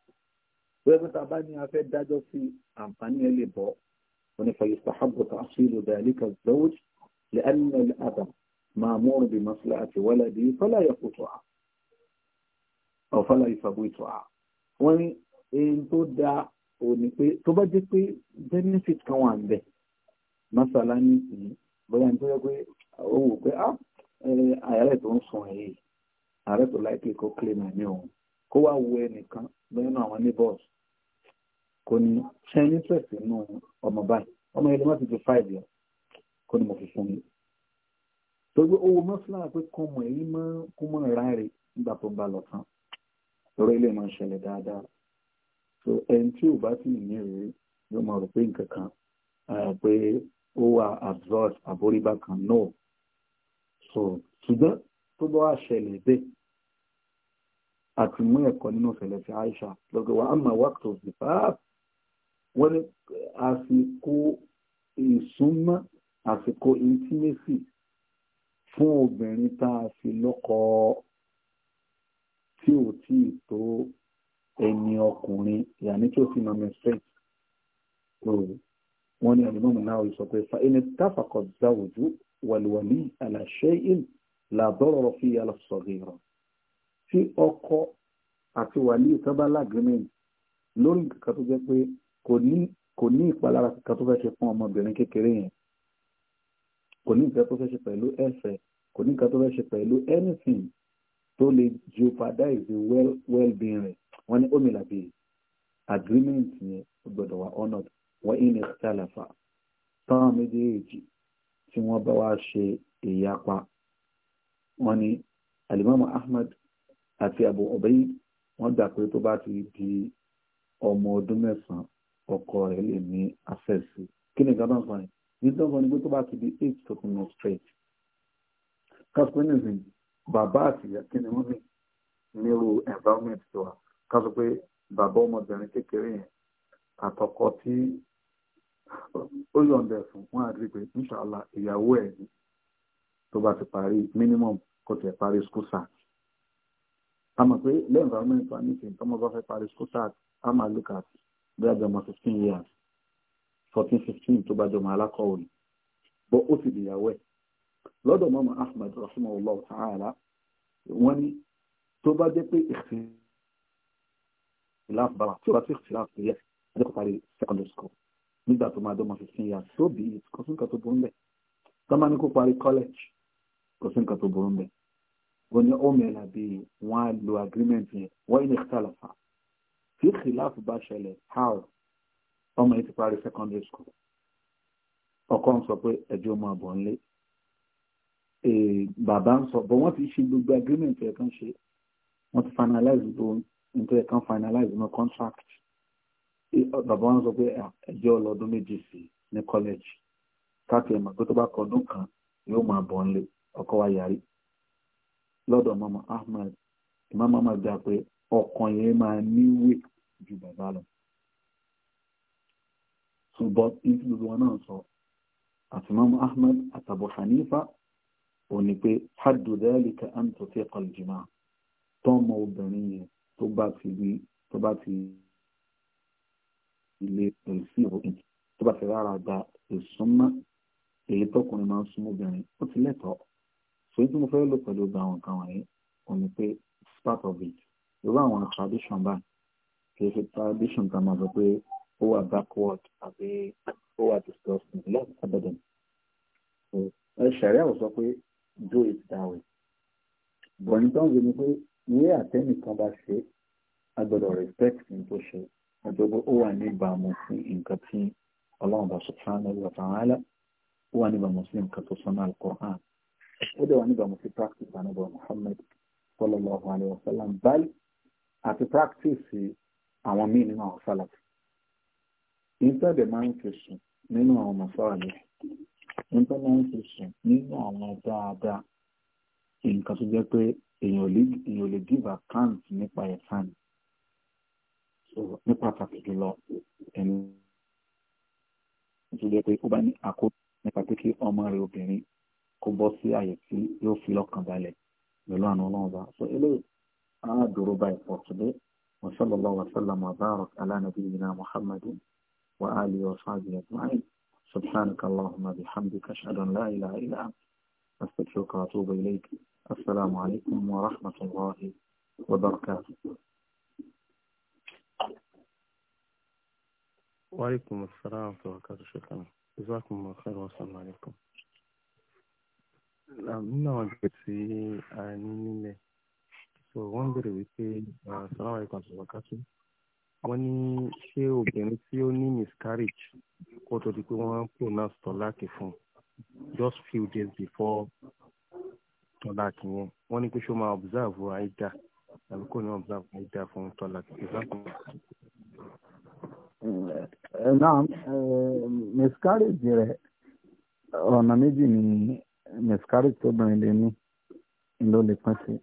tó yẹ pé tá a bá ní a fẹ́ dájọ́ sí àǹfààní ẹ lè bọ̀ wọn ni fàyè sàhábù tàṣílù dàlíkà zawj لأن الأب مأمور بمصلحة ولده فلا يفوتها a wọn ni èyí tó دا ò ní pé tó bá jẹ́ pé benefit kan wà ń bẹ̀ masala ní ìsìn bóyá ní tó yẹ pé ó wò pé ah ààrẹ tó ń sùn èyí ààrẹ tó láìpẹ́ kó claim ẹ̀mí òun kó wá wo ẹnìkan bóyá náà àwọn neighbors kò ní ṣe ní interest nínú ọmọ báyìí ọmọ ilé wọn ti ju five years kó ní mo fi fún yìí gbogbo owó mọ́sálà pé kọ́mọ èyí máa kó mọ́ ra rè nígbà tó ń bá lọ tán lórí ilé máa ń ṣẹlẹ̀ dáadáa so ẹni tí ò bá sì ní ìrírí yóò máa rò pé nǹkan kan pé ó wà absurd àbóríbá kan náà so ṣùgbọ́n tó bá wà ṣẹlẹ̀ bẹ́ẹ̀ àti mú ẹ̀kọ́ nínú ìṣẹ̀lẹ̀ ti Aisha lọ́gọ̀ wa amma waqtu zifaf wọ́n ní àsìkò ìsúnmọ́ àsìkò intimacy fún obìnrin tá a fi lọ́kọ tí ò tí ì tó ẹni ọkùnrin ìyàní tí ó fi máa mẹ́sẹ̀ tó wọ́n ní alimọ́mù náà sọ pé fa ẹni táfàkọ̀ záwùjú wàlúwàlí àlàṣẹ ìl làbọ̀rọ̀ fi àlọ́sọ̀rọ̀ ìrọ̀ tí ọkọ àti wàlí ìtọ́ba lágrímẹ̀ntì lórí nǹkan tó jẹ́ pé kò ní ìpalára kankan tó fẹ́ ṣe fún ọmọbìnrin kékeré yẹn kò ní nǹkan tó fẹ́ ṣe pẹ̀lú ẹ̀fẹ̀ kò ní nǹkan tó fẹ́ ṣe pẹ̀lú anything tó lè jeopardize the well-being rẹ̀ wọ́n ní omi làbí agreement yẹn gbọ́dọ̀ wà honored wọ́n ìní ìtàlàfà táwọn méjèèjì tí wọ́n bá wá ṣe ìyapa wọ́n ní alimami ahmed àti abu obeyi wọ́n gbà pé tó bá ti di ọmọ ọdún mẹ́sàn-án ọkọ rẹ̀ lè ní access kí ni gbọ́dọ̀ sọ yẹn nítorí wọ́n tó bá ti di eight to come straight caspianism bàbá àti ìyá kí ni wọ́n ní nírú environment tó wà ká sọ pé bàbá ọmọbìnrin kékeré yẹn àtọkọ tí ó yọ̀ǹda ẹ̀sùn wọn àdìrí pé inṣàlá ìyàwó ẹ̀ ni tó bá ti parí minimum kò tẹ̀ parí school sack a mọ̀ pé ilé environment wa nìkan tọ́mọ bá fẹ́ parí school sack a máa look at bí àjọmọ fifteen years fourteen fifteen tó bá jọmọ alákọ̀wé ni bọ́ ó sì dìyàwó ẹ̀ lọ́dọ̀ mọ́mọ́ Ahmed rahimahullah ta'ala wọ́n ní tó bá jẹ́ pé ìfìyà ìlànà bá wa tí o bá ti ìlànà sílẹ̀ adékò parí secondary school nígbà tó máa dọ́ máa fifteen years tó bí it kò sí nǹkan tó burú mbẹ̀ tó máa ní kó parí college kò sí nǹkan tó burú mbẹ̀ wọ́n ní ó mẹ́rin àbí wọ́n á lo agreement yẹn wọ́n yìí ní ìtàlàfà tí ìlànà bá ṣẹlẹ̀ how ọmọ yìí ti parí secondary school ọkọ ń sọ pé ẹjọ́ máa bọ̀ ń lé bàbá ń sọ bọ̀ wọ́n ti ṣe gbogbo agreement yẹn kan ṣe wọ́n ti finalize gbogbo Until I can finalize my contract uh, bàbá wọn sọ pé ẹjọ́ ọlọ́dún méjì sí ní college káàkiri ẹ̀ mọ̀ pé tó bá kọ ọdún kan yóò máa bọ̀ ńlé ọkọ wa yàrí lọ́dọ̀ mama ahmed imam ahmed gbà pé ọkàn yẹn máa níwè ju bàbá lọ ṣùgbọ́n ibi gbogbo wọn náà sọ àti mama ahmed àtàbọ̀ hanifa ò ní pé haddu dhalika an tutiqa al-jima' obìnrin yẹn tó bá ti rí tó bá ti ilé òsì òkun tó bá ti rárá gba ìsúnmọ́ èyí tọkùnrin máa ń súnmọ́ obìnrin ó ti lẹ́tọ̀ọ́ ṣèyí tí mo fẹ́ lò pẹ̀lú ọgbà àwọn nǹkan wọ̀nyí òun ni pé part of it irú àwọn tradition báyìí kìí ṣe tradition tá a máa sọ pé ó wà backward àbí ó wà disgusting lọ́ọ̀tì abẹ́dẹ̀n ṣàríà ò sọ pé do it that way bọ̀ nítorí ni pé ní àtẹ́nìkan bá ṣe a gbọ́dọ̀ respect ní tó ṣe àjọgbọ́ ó wà níbàámu sí nǹkan tí ọlọ́run bá subhanahu wa ta'ala ó wà níbàámu sí nǹkan tó sọ náà al-Qur'an ó dẹ̀ wà níbàámu sí practice ànábọ̀ Muhammad sallallahu alayhi wa sallam báyìí àti practice àwọn míì nínú àwọn salaf ìtọ́dẹ̀ máa ń fi sùn nínú àwọn mọ̀sáàlì ìtọ́ máa ń fi sùn nínú àwọn dáadáa nǹkan tó jẹ́ pé èèyàn ò lè give account nípa ẹ̀sán ní pàtàkì jùlọ ẹni tó jẹ́ pé ó bá ní àkókò nípa pé kí ọmọ rẹ̀ obìnrin kó bọ́ sí àyè tí yóò fi lọ́kàn balẹ̀ pẹ̀lú àwọn ọlọ́run bá sọ eléyìí á dúró báyìí pọ̀ sílẹ̀ وصلى الله وسلم وبارك على نبينا محمد وآله وصحبه أجمعين سبحانك اللهم بحمدك أشهد أن لا إله إلا أنت أستغفرك وأتوب إليك السلام عليكم ورحمة الله وبركاته وعليكم السلام ورحمة الله وبركاته شكرا جزاكم الله خير والسلام عليكم nínú àwọn ìgbẹ́ tí a ní nílẹ̀ so wọ́n béèrè wípé sàlámà ikọ̀ àti wákàtí wọ́n ní ṣé obìnrin tí ó ní miscarriage kó tó di pé wọ́n pronounce tọ́láàkì fún just few days before tọ́láàkì yẹn wọ́n ní pé ṣó máa observe àìdá tàbí kò ní observe àìdá fún tọ́láàkì ìfàkùn. Eh, náà eh, miscarriage rẹ ọ̀nà méjì ni miscarriage tó bẹ̀rẹ̀ lé ní ló lè pín sí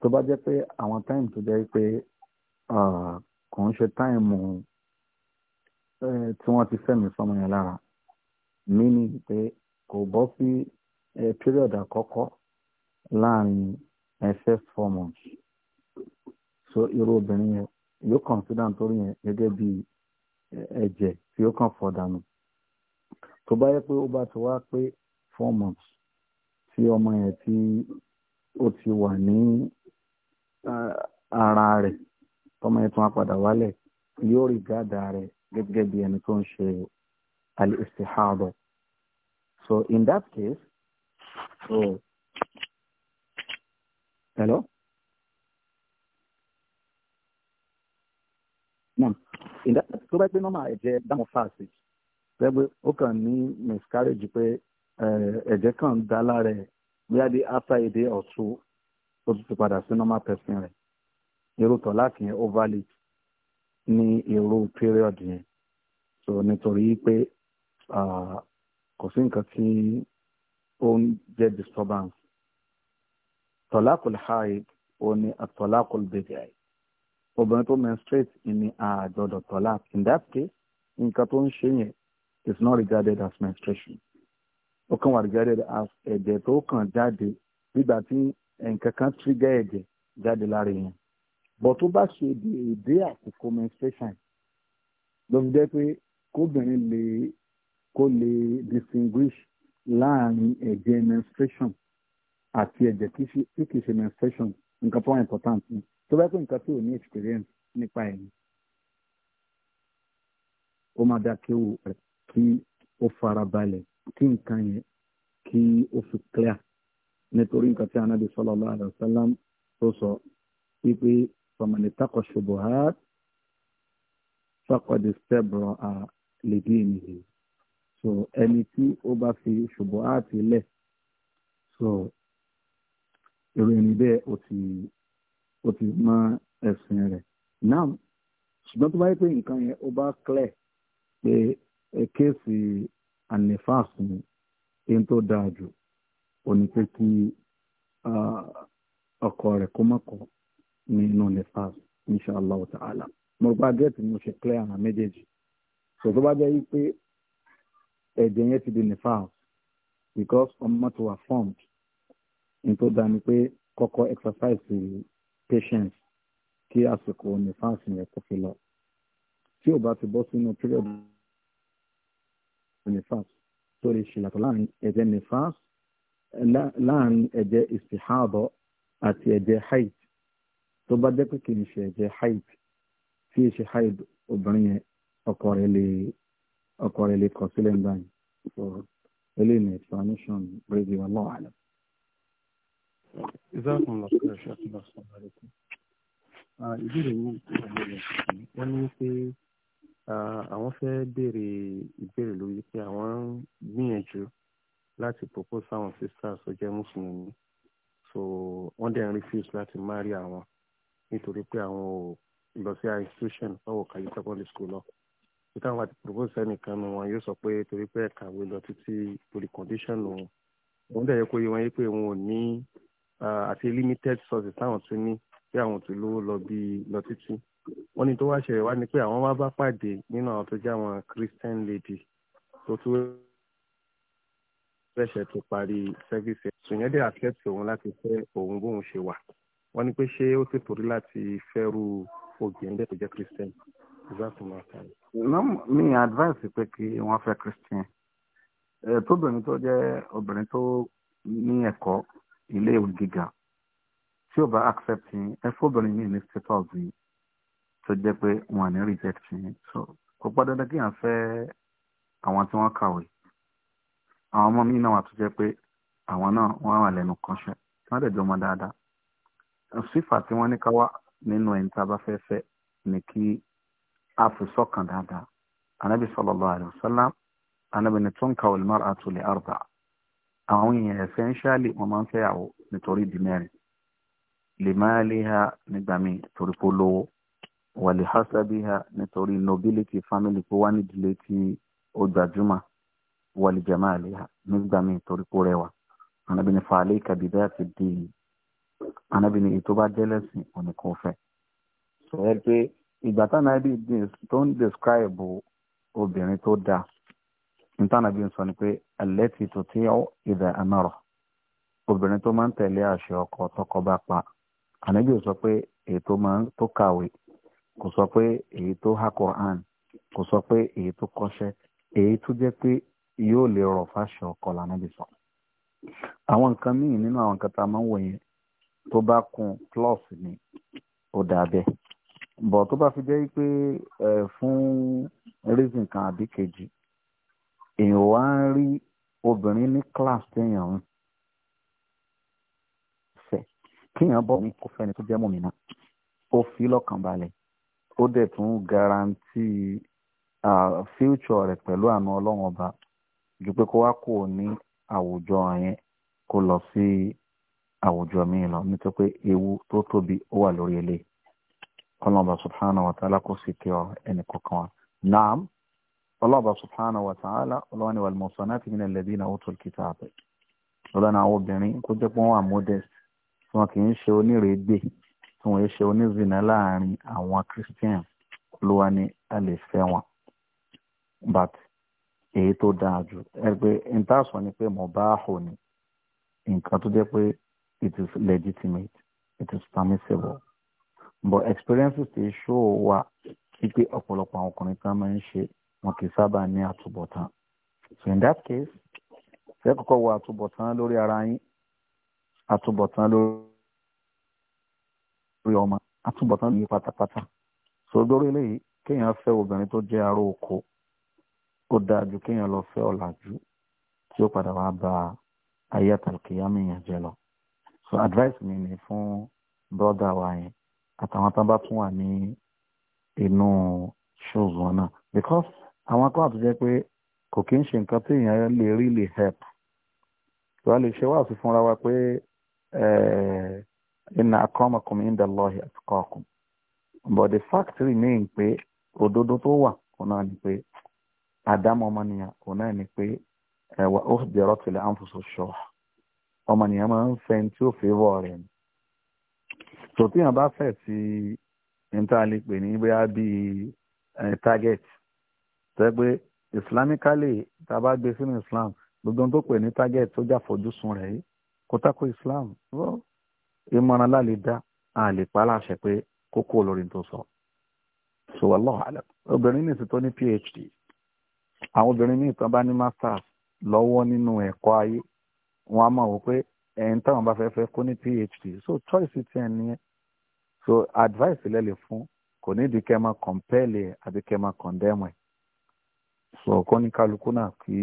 tó bá jẹ́ pé àwọn time tó jẹ́ pé kò ń ṣe time eh, tí wọ́n ti fẹ́mi sọmọ yẹn lára meaning pé kò bọ́ sí period àkọ́kọ́ láàrin first four months so irú obìnrin yẹn yóò consider nítorí yẹn gẹ́gẹ́ bí ẹ̀jẹ̀ tí ó kàn fọ̀ dànù tó bá yẹ pé ó bá ti wá pé four months tí ọmọ yẹn tí ó ti wà ní ara rẹ̀ tọmọ yẹn tún á padà wálẹ̀ yóò rí gáàdà rẹ̀ gẹ́gẹ́ bí ẹni tó ń ṣe al-istihada so in that case Oh. Hello? Now, in that, tó bá pé normal ẹ̀jẹ̀ dáhùn fáàsì, pẹ́pẹ́ ó kàn ní miscarriage pé eh, ẹ̀jẹ̀ kan dá lára ẹ̀ bóyá di after a day or two ó ti padà sí normal person rẹ̀. Irú tọ̀ láti yẹn overlate ní irú period yẹn. So nítorí pé ah, kò sí nǹkan tí ó ń jẹ́ disturbance tọ́lákùl haid ó ní àtọ́lákùl bẹ̀rẹ̀ obìnrin tó menstruate ní àjọdọ̀ tọ́lák in that case nǹkan tó ń ṣe yẹn is not regarded as menstruation ó kàn wà regarded as ẹ̀jẹ̀ tó kàn jáde nígbà tí nǹkan kan trigger ẹ̀jẹ̀ jáde lára yẹn bọ̀ tó bá ṣe èdè àsìkò menstruation ló fi jẹ́ pé kóbìnrin lè kó lè distinguish láàrin ẹ̀jẹ̀ menstruation àti ẹ̀jẹ̀ tí kìí ṣe menstruation nǹkan tó wà important ni tó bá pé nǹkan tí ò ní experience nípa ẹ̀ ni ó máa dá kí ó kí ó fara balẹ̀ kí nǹkan yẹn kí ó fi clear nítorí nǹkan tí anábì sallallahu alaihi wasallam tó sọ wípé fọmọlẹ takọ ṣubuhat faqad istabra lè dé ènìyàn so ẹni tí ó bá fi ṣùgbọ́n àti lẹ̀ so èrò ẹni bẹ́ẹ̀ ó ti ó ti mọ ẹ̀sìn rẹ̀ náà ṣùgbọ́n tó bá yẹ pé nǹkan yẹn ó bá clear pé kéèsì anifas ni ẹni tó dáa jù ó pé kí ọkọ rẹ̀ kó mọ̀kọ nínú nifas insha Allah ta'ala mo gbàgbé tí mo ṣe clear àwọn méjèèjì so tó bá jẹ́ yí pé ẹ̀jẹ̀ yẹn ti di nifas because ọmọ ti wà formed ní tó dáa ni pé kọ́kọ́ exercise patience kí àsìkò nifas yẹn kó fi lọ tí ò bá ti bọ́ sínú period nifas tó lè ṣe yàtọ̀ láàrin ẹ̀jẹ̀ nifas láàrin ẹ̀jẹ̀ istihadọ àti ẹ̀jẹ̀ haid tó bá jẹ́ pé kì í ṣe ẹ̀jẹ̀ haid tí ì ṣe haid obìnrin yẹn ọkọ rẹ̀ lè ọkọ rẹ̀ lè kọ̀ sílẹ̀ ń báyìí so eléyìí ni explanation brady wallahu alam. ìzáàkùn lọ sí ẹ̀ṣọ́ tí wọ́n sọ lórí kù. ìbéèrè mi ìpàdé rẹ̀ wọ́n ní pé ah, àwọn fẹ́ béèrè ìbéèrè lórí pé àwọn ń gbìyànjú láti propose àwọn sisters tó jẹ́ mùsùlùmí so wọ́n dẹ̀ ń refuse láti marry àwọn nítorí pé àwọn ò lọ sí institution báwo kàyí secondary school lọ tí táwọn àti propose ẹnìkan nu wọn yóò sọ pé torí pé ẹ̀ka wo lọ títí torí condition wọn òun dẹ̀ yẹ kó yé wọn yé pé wọn ò ní àti limited sources táwọn tún ní tí àwọn ti lówó lọ bí lọ títí wọn ní tó wá ṣẹlẹ̀ wá ni pé àwọn wá bá pàdé nínú àwọn tó jẹ́ àwọn Christian lady tó tún rẹ̀ṣẹ̀ tó parí sẹ́fíìsì sùnyẹ́dẹ̀ àtẹ́tì òun láti fẹ́ òun bóun ṣe wà wọ́n ní pé ṣé ó ti torí láti fẹ́rù obìnrin bẹ́ẹ̀ tó jẹ́ Christian ìzáàtúmọ̀ àtàrí mi advice pé kí wọ́n fẹ́ christian tóbìnrin tó jẹ́ obìnrin tó ní ẹ̀kọ́ ilé ìwé gíga tí ó bá accept yín ẹ fóbìnrin yìí ní status yìí tó jẹ́ pé wọn à ní reject yín so kò pọ́ dandan kí à ń fẹ́ àwọn tí wọ́n kàwé àwọn ọmọ mi náà wà tó jẹ́ pé àwọn náà wọ́n wà lẹ́nu kọ́ṣẹ́ wọ́n dẹ̀ jọ mọ́ dáadáa sífà tí wọ́n ní ká nínú ẹni tá a bá fẹ́ fẹ́ ni kí àfùsọ́kàn dáadáa anábì sallallahu alaihi wasallam anábì ní tún kàwé mar'atu li arba àwọn èèyàn essentially wọ́n máa ń fẹ́ yàwó nítorí di mẹ́rin lè máa lé ha nígbà míì torí polówó wà lè hásábí ha nítorí nobility family tó wá nídìílé tí ó gbajúmọ̀ wà lè jẹ̀má lè ha nígbà míì torí kó rẹwà anábì ní fàálẹ́ kàbídá àti dìín anábì ní ètò bá jẹ́lẹ̀sìn òní kò fẹ́ sọ ẹ́ pé ìgbà tánàbí tó ń describe obìnrin tó dáa nítànàbí ń sọ ni pé allati tuti'u idha amara obìnrin tó máa ń tẹ̀lé àṣẹ ọkọ tọkọ bá pa ànábì ò sọ pé èyí tó máa ń tó kàwé kò sọ pé èyí tó ha Qur'an kò sọ pé èyí tó kọ́ṣẹ́ èyí tó jẹ́ pé yóò lè rọ̀ ọkọ lànàbì sọ. àwọn nǹkan míì nínú àwọn nǹkan tá a máa ń wòye tó bá ni ó dà bẹ́ẹ̀. bọ̀ tó bá fi jẹ́ pé fún reason kan àbí kejì èèyàn wá ń rí obìnrin ní class téèyàn ń fẹ́ kéèyàn bọ̀ ní kò fẹ́ni tó jẹ́ mòmìnà ó fi lọ́kàn balẹ̀ ó dẹ̀ tún garanti future rẹ̀ pẹ̀lú àna ọlọ́run ọba ju pé kó wá kò ní àwùjọ yẹn kó lọ sí àwùjọ míì lọ nítorí pé ewu tó tóbi ó wà lórí eléyìí kọlọ́ọ̀bà subhanahu wa ta'ala kò sì kí ọ ẹnì kọ̀ọ̀kan wa naam kọlọ́ọ̀bà subhanahu wa ta'ala ọlọ́wọ́n ni wal-muhsanati min alladhina utul kitab lọ́dọ̀nà àwọn obìnrin kó jẹ́ pé wọ́n wà modest tí wọ́n kì í ṣe onírèégbè tí wọ́n ṣe onízìnà láàrin àwọn christian olúwa ni a lè fẹ́ wọn but èyí tó dáa jù ẹgbẹ́ intaṣọ ni pé mo bá hò ní nǹkan tó jẹ́ pé it is legitimate it is permissible but experiences ti show wa wípé ọ̀pọ̀lọpọ̀ àwọn ọkùnrin kan máa ń ṣe wọn kì í sábà ní àtúbọ̀tán so in that case ṣe kọ́kọ́ wo àtúbọ̀tán lórí ara yín àtúbọ̀tán lórí ọmọ àtúbọ̀tán lórí pátápátá so lórí eléyìí kéèyàn fẹ́ obìnrin tó jẹ́ aró oko ó dáa ju kéèyàn lọ fẹ́ ọ̀làjú tí ó padà wàá ba ayé àtàlùkìyàmì yẹn jẹ lọ so advice mi ni fún brother wa yẹn àtàwọn tán bá tún wà ní inú shows wọn because àwọn kan àtúnjẹ pé kò kí ń ṣe nǹkan tí really help tó a lè ṣe wáàsí fúnra wa pé eh, inna akramakum inda Allahi atqakum but the fact remain pé òdodo tó wà kò náà ni pé àdámọ́ ọmọnìyàn kò náà ni pé ẹ̀wà ó dẹ̀rọ̀ ọmọnìyàn máa ń fẹ́ tí tòtíyàn bá fẹ̀ sí intanet pè ní bóyá bíi target tẹ́ pé islamically tá a bá gbé sínú islam gbogbo tó pè ní target tó jáfojúsùn rẹ̀ yìí kó tako islam ìmọ̀ràn láàlè dá a lè pa láṣẹ pé kókó olórí tó sọ so Allah alam obìnrin ní ìsìn tó ní phd àwọn obìnrin ní ìtàn bá ní masters lọ́wọ́ nínú ẹ̀kọ́ ayé wọn a máa wò pé ẹ̀yìn táwọn bá fẹ́ fẹ́ kó ní phd so choice ti ẹ̀ nìyẹn so advice lẹ lè fún kò nídìí kẹ́ máa compel àbí kẹ́ máa condemn ẹ̀ so kọ́níkálukú náà kí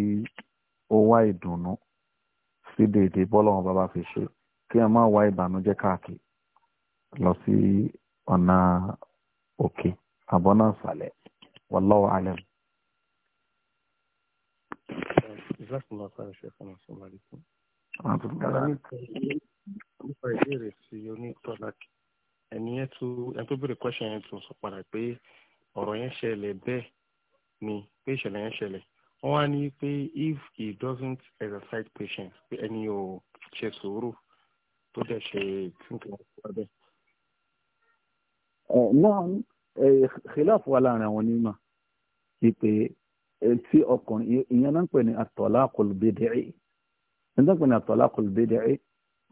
ó wá ìdùnnú sí dèédé bọ́lọ́wọ́n bàbá fi ṣe kí ẹ má wá ìbànújẹ́ káàkiri lọ sí ọ̀nà òkè àbọ̀nà ìsàlẹ̀ wallahu alam. Jazakumullah khairan Sheikh. Assalamu alaikum. Nípa ìbéèrè sí onítọ́lá kí ẹni yẹn tó ẹni tó béèrè question yẹn tó sọ padà pé ọ̀rọ̀ yẹn ṣẹlẹ̀ bẹ́ẹ̀ ni pé ìṣẹ̀lẹ̀ yẹn ṣẹlẹ̀ wọ́n wá ní pé if he doesn't exercise patience pé ẹni ò ṣe sùúrù tó dẹ̀ ṣe tìǹkì wọn bẹ́ẹ̀. Eh, náà eh, khilafu wà láàrin àwọn onímọ̀ kí pé eh, tí ọkùnrin ìyẹn náà ń pè ní at-talaqul bid'i ìyẹn náà ń pè ní at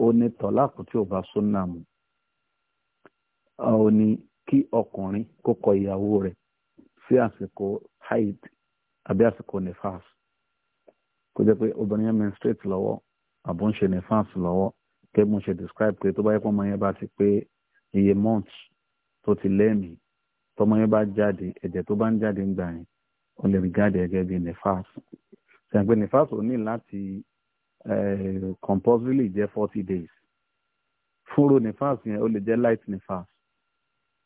ó ní tọ́láàkù tí ò bá súnà mu ó ní kí ọkùnrin kó kọ ìyàwó rẹ̀ sí àsìkò haid àbí àsìkò nefas kó jẹ́ pé obìnrin yẹn menstruate lọ́wọ́ àbò ń ṣe nefas lọ́wọ́ kẹ́ mo ṣe describe pé tó bá yẹ pé ọmọ yẹn bá ti pé iye months tó ti lẹ́mìí tọmọ yẹn bá jáde ẹ̀jẹ̀ tó bá ń jáde ń gbà yẹn ó lè rí jáde gẹ́gẹ́ bí nefas ṣèǹ pé nefas ò ní láti compulsorily jẹ́ forty days fúnrò nefas yẹn ó lè jẹ́ light nefas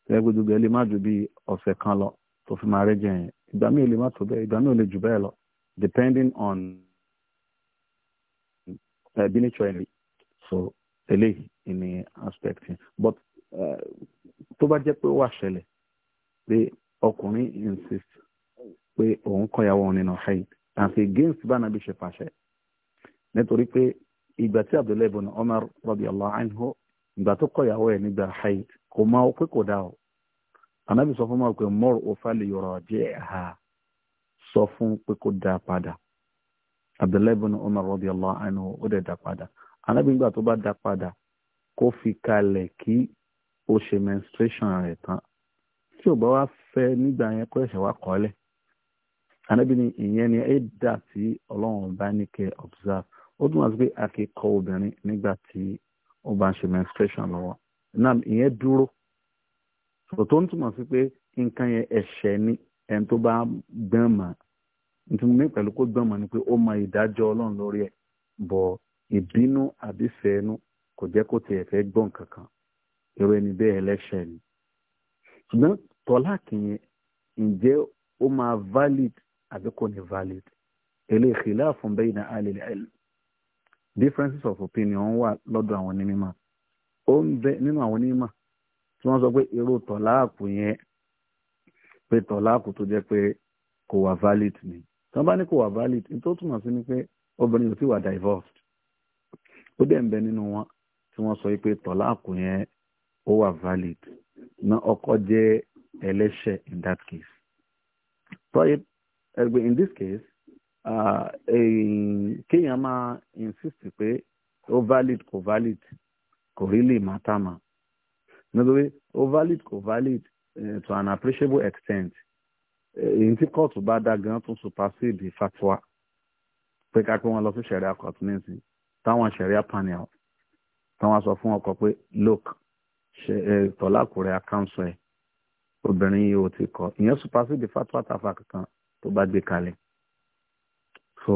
tẹ́lẹ̀ gbé gbogbo ẹ lè má ju bí ọ̀sẹ̀ kan lọ tó fi máa rẹ́jẹ yẹn ìgbà míì lè má tó bẹ́ẹ̀ ìgbà míì lè jù bẹ́ẹ̀ lọ depending on uh, eh, binichually so eléyìí ni aspect yẹn but eh, tó bá jẹ́ pé ó wà ṣẹlẹ̀ pé ọkùnrin insist pé òun kọ́yàwó òun nínú And àti against bá nàbí ṣe fàṣẹ nítorí pé ìgbà tí abdullahi ibn umar radiyallahu anhu ìgbà tó kọ́yàwó ẹ̀ nígbà haid kò mọ ọ pé kò dá o ànábì sọ fún ma pé mọ́rù òfàlì yọ̀rọ̀ jẹ́ ẹ̀ha sọ fún pé kò dá padà Abdullahi ibn Umar radiyallahu anhu ó dẹ̀ dá padà ànábì nígbà tó bá dá padà kó fi kalẹ̀ kí ó ṣe menstruation rẹ̀ tán tí ò bá wá fẹ́ nígbà yẹn kó ẹ̀ṣẹ̀ wá kọ́lẹ̀ ànábì ni ìyẹn ni ẹ̀dà tí ọlọ́run bá ní kẹ́ observe ó dùn wá sí pé akẹ́kọ̀ọ́ obìnrin nígbà tí ó bá ń ṣe menstruation lọ́wọ́ nam ìyẹn dúró sọ tó ń túmọ̀ sí pé nǹkan yẹn ẹ̀ṣẹ̀ ni ẹni tó bá gbọ́n mọ̀ nítorí mi pẹ̀lú kó gbọ́n mọ̀ ni pé ó mọ ìdájọ́ ọlọ́run lórí ẹ̀ bọ̀ ìbínú àbí fẹ́ẹ́nu kò jẹ́ kó tiẹ̀ fẹ́ gbọ́n kankan irú ẹni bẹ́ẹ̀ ẹlẹ́ṣẹ̀ ni ṣùgbọ́n tọ́láàkì yẹn ǹjẹ́ ó máa valid àbí kò ní valid eléyìí khilafun bayna ahli al-ilm differences of opinion wà lọ́dọ̀ àwọn onímọ̀ ó ń bẹ nínú àwọn onímọ̀ tí wọ́n sọ pé irú tọ̀láàkù yẹn pé tọ̀láàkù tó jẹ́ pé kò wà valid ni tí wọ́n bá ní kò wà valid ní tó túmọ̀ sí ni pé obìnrin ò tí wà divorced ó dẹ̀ ń bẹ nínú wọn tí wọ́n sọ pé tọ̀láàkù yẹn ó wà valid na ọkọ jẹ́ ẹlẹ́ṣẹ̀ in that case. Tọ́yìn ẹgbẹ́ in this case kéèyàn máa insist pé ó valid kò valid kò rí lè má tà mà nítorí ó valid kò valid eh, to an appreciable extent èyí eh, tí kóòtù bá dá gan tún supersede fatwa pé ká pé wọn lọ sí sẹríà kóòtù nísìnyí táwọn sẹríà panel táwọn sọ fún ọkọ pé look tọ́lákùrẹ́ akáǹsọ ẹ̀ obìnrin yìí ò ti kọ ìyẹn supersede fatwa tafa kankan so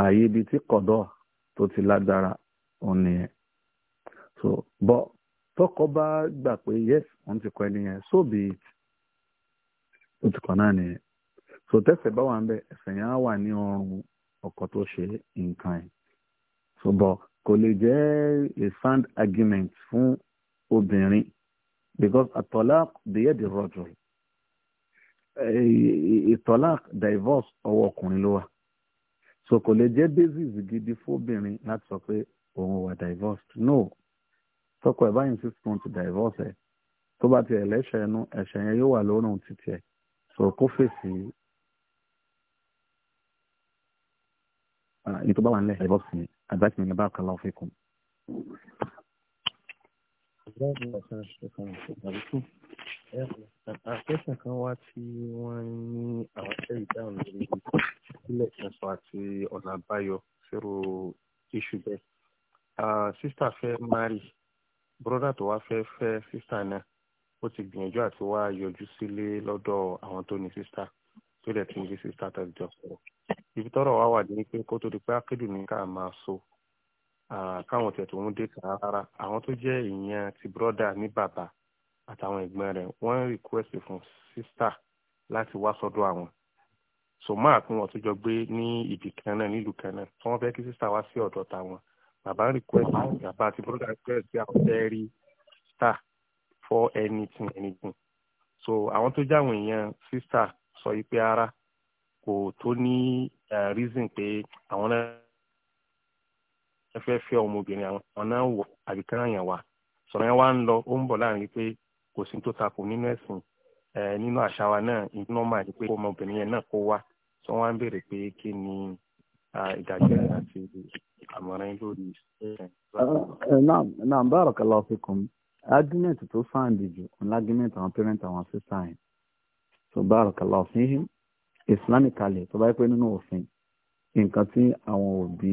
ààyè ibi tí kọ̀dọ̀ tó ti lágbára so but tọkọ bá gbà pé yes wọ́n ti kọ ẹni yẹn so be it ó ti kọ náà nìyẹn so tẹ́sẹ̀ bá wà ń bẹ ẹsẹ̀ yẹn á wà ní ọrùn ọkọ tó ṣe nǹkan yẹn so but, kò lè jẹ́ a sound argument fún obìnrin because atolak deyẹ di rọjò ìtolak divorce ọwọ́ ọkùnrin ló wà so kò lè jẹ́ basis gidi fún obìnrin láti sọ pé òun wà divorced no tọkọ ẹ̀ báyìí six months divorce ẹ̀ tó bá ti ẹ̀ lẹ́sẹ̀ ẹnu ẹ̀sẹ̀ yẹn yóò wà lórun títí ẹ̀ sọ kó fèsì èyí tó bá wà nílẹ̀ divorce ni àdáṣe yẹn bá kàlá òfin kù. Àkẹ́sàn kan wá tí wọ́n ní àwọn ìdáhùn lórí ìpínlẹ̀ ìṣẹ̀sọ̀ àti ọ̀nà àbáyọ sírò iṣu bẹ́ẹ̀. Ah, Sísà fẹ́ márì bọ́dà tó wá fẹ́ fẹ́ sísà náà ó ti gbìyànjú àti wá yọjú sílé lọ́dọ̀ àwọn tó ní sísà tó dẹ̀ ti ń rí sísà tó jọ ibi tọ́rọ̀ wá wà ní pé kó tó di pé akédùn ní ká máa so káwọn tẹ̀ tó ń dé kàn rárá àwọn tó jẹ́ ìyẹn ti bọ́dà ní bàbá àtàwọn ẹ̀gbọ́n rẹ̀ wọ́n request fún sísà láti wá sọ́dọ̀ àwọn so máa kún wọn tó jọ gbé ní ibì kan náà nílùú kan náà tí wọ́n fẹ́ kí sísà wá sí ọ̀dọ̀ bàbá request bàbá àti brother request bí àwọn star for anything anything so àwọn tó jáwọn èèyàn sister sọ yìí ara kò tó ní reason pé àwọn náà fẹ́ ọmọ obìnrin àwọn náà wọ wa sọ̀rọ̀ yẹn wá ń lọ ó ń bọ̀ láàrin pé kò sí tó takò nínú ẹ̀sìn nínú àṣà wa náà pé yẹn náà ìdájọ́ àti àmọ̀ràn lórí iṣẹ́. náà barakallahu fikum argument tó sáàndì jù lágímẹ̀t àwọn parent àwọn sísá yẹn so barakallahu fihim islamically tó bá yẹ pé nínú òfin nǹkan tí àwọn òbí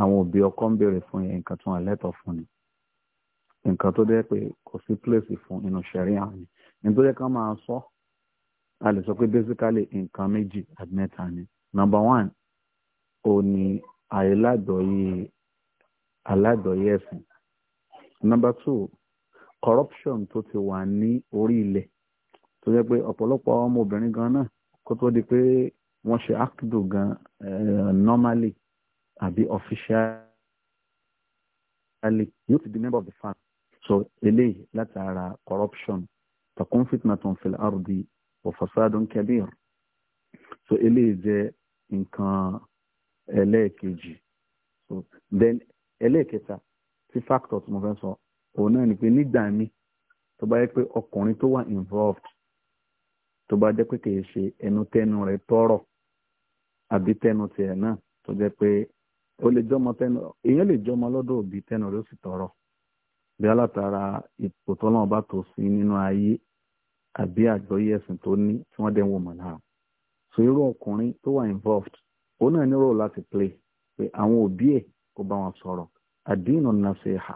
àwọn òbí ọkọ ń béèrè fún yẹn nǹkan tí wọn lẹ́tọ̀ fún ni nǹkan tó dẹ́ pé kò sí pléèsì fún inú ṣẹ̀rí àná ni nítorí ká máa sọ a lè sọ pé basically nǹkan méjì àti mẹ́ta ni number one ó ní àìládọ̀yé aládọ̀yé ẹ̀sìn. number two corruption tó ti wà ní orí ilẹ̀ tó jẹ́ pé ọ̀pọ̀lọpọ̀ ọmọbìnrin gan náà kó tó di pé wọ́n ṣe akidu gan eh, normally àbí officially yóò ti di member of the family so eléyìí látara corruption takun fitnatun fil ardi wa fasadun kabir so eléyìí jẹ́ nǹkan. ẹlẹ́ẹ̀kejì so then ẹlẹ́ẹ̀kẹta tí factor tí mo fẹ́ sọ òun náà ni pé nígbà míì tó bá yẹ pé ọkùnrin tó wà involved tó bá jẹ́ pé kìí ṣe ẹnu tẹnu rẹ tọrọ àbí tẹnu tiẹ̀ náà tó jẹ́ pé ó lè jọmọ tẹnu èèyàn lè jọmọ lọ́dọ̀ òbí tẹnu rẹ ó sì tọrọ bí alátara ipò tọ́lọ́wọ́n bá tó sí nínú ayé àbí àjọyé ẹ̀sìn tó ní tí wọ́n dẹ̀ ń wò mọ̀ náà so irú ọkùnrin tó wà involved òun náà ní role láti play pé àwọn òbí ẹ̀ kó bá wọn sọ̀rọ̀ àdínà nàṣẹ́hà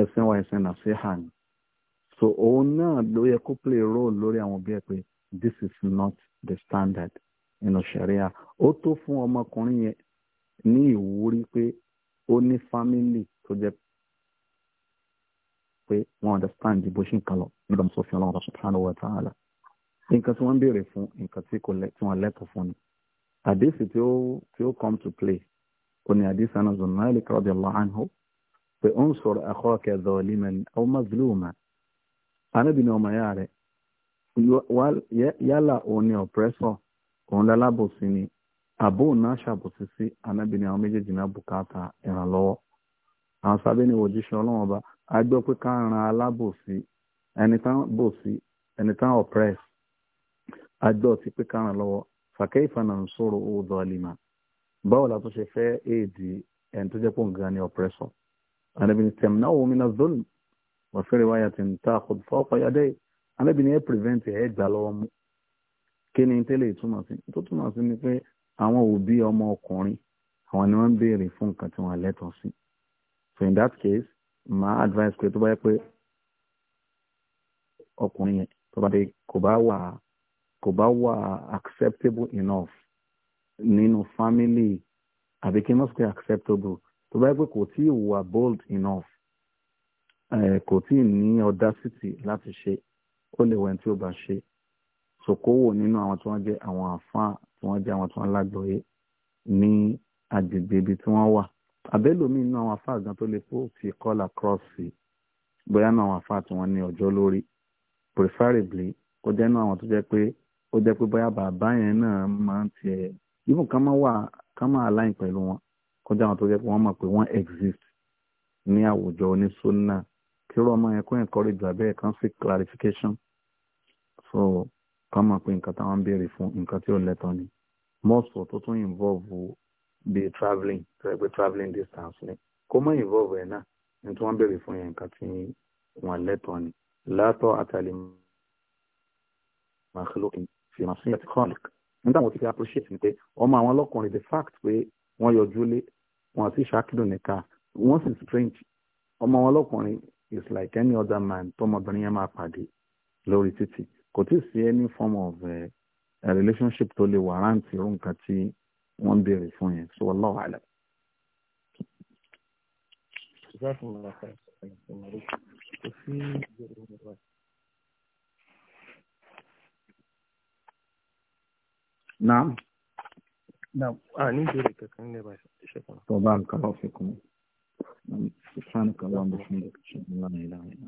ẹ̀sìn wa ẹ̀sìn nàṣẹ́hà ni so òun náà ló yẹ kó play role lórí àwọn òbí ẹ̀ pé this is not the standard nínú ṣẹ̀ríà ó tó fún ọmọkùnrin yẹn ní ìwúrí pé ó ní family tó jẹ́ pé wọ́n understand bó ṣe ń kan lọ nígbà tó fi ọlọ́run subhanahu wa ta'ala nǹkan tí wọ́n ń béèrè fún nǹkan tí wọ́n lẹ́tọ̀ọ́ fún ni àdéhùn tí ó tí ó come to play ó ní àdéhùn Anas bin Malik radiyallahu anhu pé ó ń sọ̀rọ̀ akhaka zaliman aw mazluman anábì ní ọmọ yára rẹ̀ yálà òun ni oppressor òun lálábòsí ni àbó náà ṣàbòsí sí anábì ní àwọn méjèèjì náà bùkátà ìrànlọ́wọ́ àwọn sábẹ́ ní òjíṣẹ́ ọlọ́run ọba a gbọ́ pé ká ran alábòsí ẹni tán bòsí ẹni tán oppress a gbọ́ ti pé ká ràn lọ́wọ́ fàkẹ́yìfà náà ń sọ̀rọ̀ owó dọ́ọ̀lìmà báwo la tó ṣe fẹ́ éèdì ẹni tó jẹ́ pọ̀ nǹkan ní ọ̀pẹ́sọ̀ àdàbìnrin tẹ̀mínà omi náà zọ́ọ̀lù wọ́n fẹ́rẹ̀ wáyà tí ń ta àkọ́dù fọ́ọ̀pá yàdẹ́ àdàbìnrin ẹ̀ prevent ẹ̀ gbà lọ́wọ́ mú kí ni tẹ́lẹ̀ ìtumọ̀ sí tó túmọ̀ sí ni pé àwọn òbí ọmọ ọkùnrin àwọn ni wọ́n ń béèrè fún nǹkan tí wọ́n lẹ́tọ̀ọ́ sí so in that case my advice pé tó bá yẹ pé ọkùnrin yẹn tó bá dé kò bá wà á kò bá wà acceptable enough nínú family àbí kí n má sọ pé acceptable tó bá yẹ pé kò tí ì wà bold enough kò tí ì ní audacity láti ṣe ó lè wẹ̀ tí ó bá ṣe sokowo nínú àwọn tí wọ́n jẹ́ àwọn àfáà tí wọ́n jẹ́ àwọn tí wọ́n lágbọ̀ọ́yé ní agbègbè ibi tí wọ́n wà abẹ́lòmíì nínú àwọn àfáà gan tó lè kó ti kọ́là kírọ́ọ̀sì bóyá náà àwọn àfáà tí wọ́n ní ọjọ́ lórí preferably kó jẹ́ náà àwọn tó jẹ́ pé ó jẹ́ pé bóyá bàbá yẹn náà máa ń tiẹ̀ even ká má wà ká má align pẹ̀lú wọn kọjá àwọn tó jẹ́ pé wọ́n mọ̀ pé wọ́n exist ní àwùjọ oníṣúná kí irú ọmọ yẹn kó encourage abẹ́ kan sí clarification so ká mọ̀ pé nǹkan táwọn ń béèrè fún nǹkan tí ò lẹ́tọ̀ ni mọ́sọ̀ tó tún involve bí travelling tó yẹ pé travelling distance ni kó mọ̀ involve ẹ̀ náà ní tí wọ́n béèrè fún yẹn nǹkan tí wọ́n lẹ́tọ̀ ni látọ̀ àtàlẹ́ màkìlókè fi hàn sí ẹ̀tí kọ́ọ̀lì nígbà wọn ti fi appreciate ni pé ọmọ àwọn ọlọ́kùnrin the fact pé wọ́n yọjú lé wọn sì ṣàkìlò nìka wọ́n sì strange ọmọ àwọn ọlọ́kùnrin is like any other man tọmọbìnrin yẹn máa pàdé lórí títì kò tí ì sí any form of uh, eh, a relationship tó lè warrant irú nǹkan tí wọ́n ń béèrè fún yẹn so wallahu a'lam. Exactly. Naam. Naam, a ah, ní ìbéèrè kankan ní ẹ̀bà ìṣẹ̀kan. Tọ́ba nǹkan lọ́fẹ̀ẹ́ kan. Sani kan wà ń bọ̀ fún ìṣẹ̀kan lánàá ìlànà.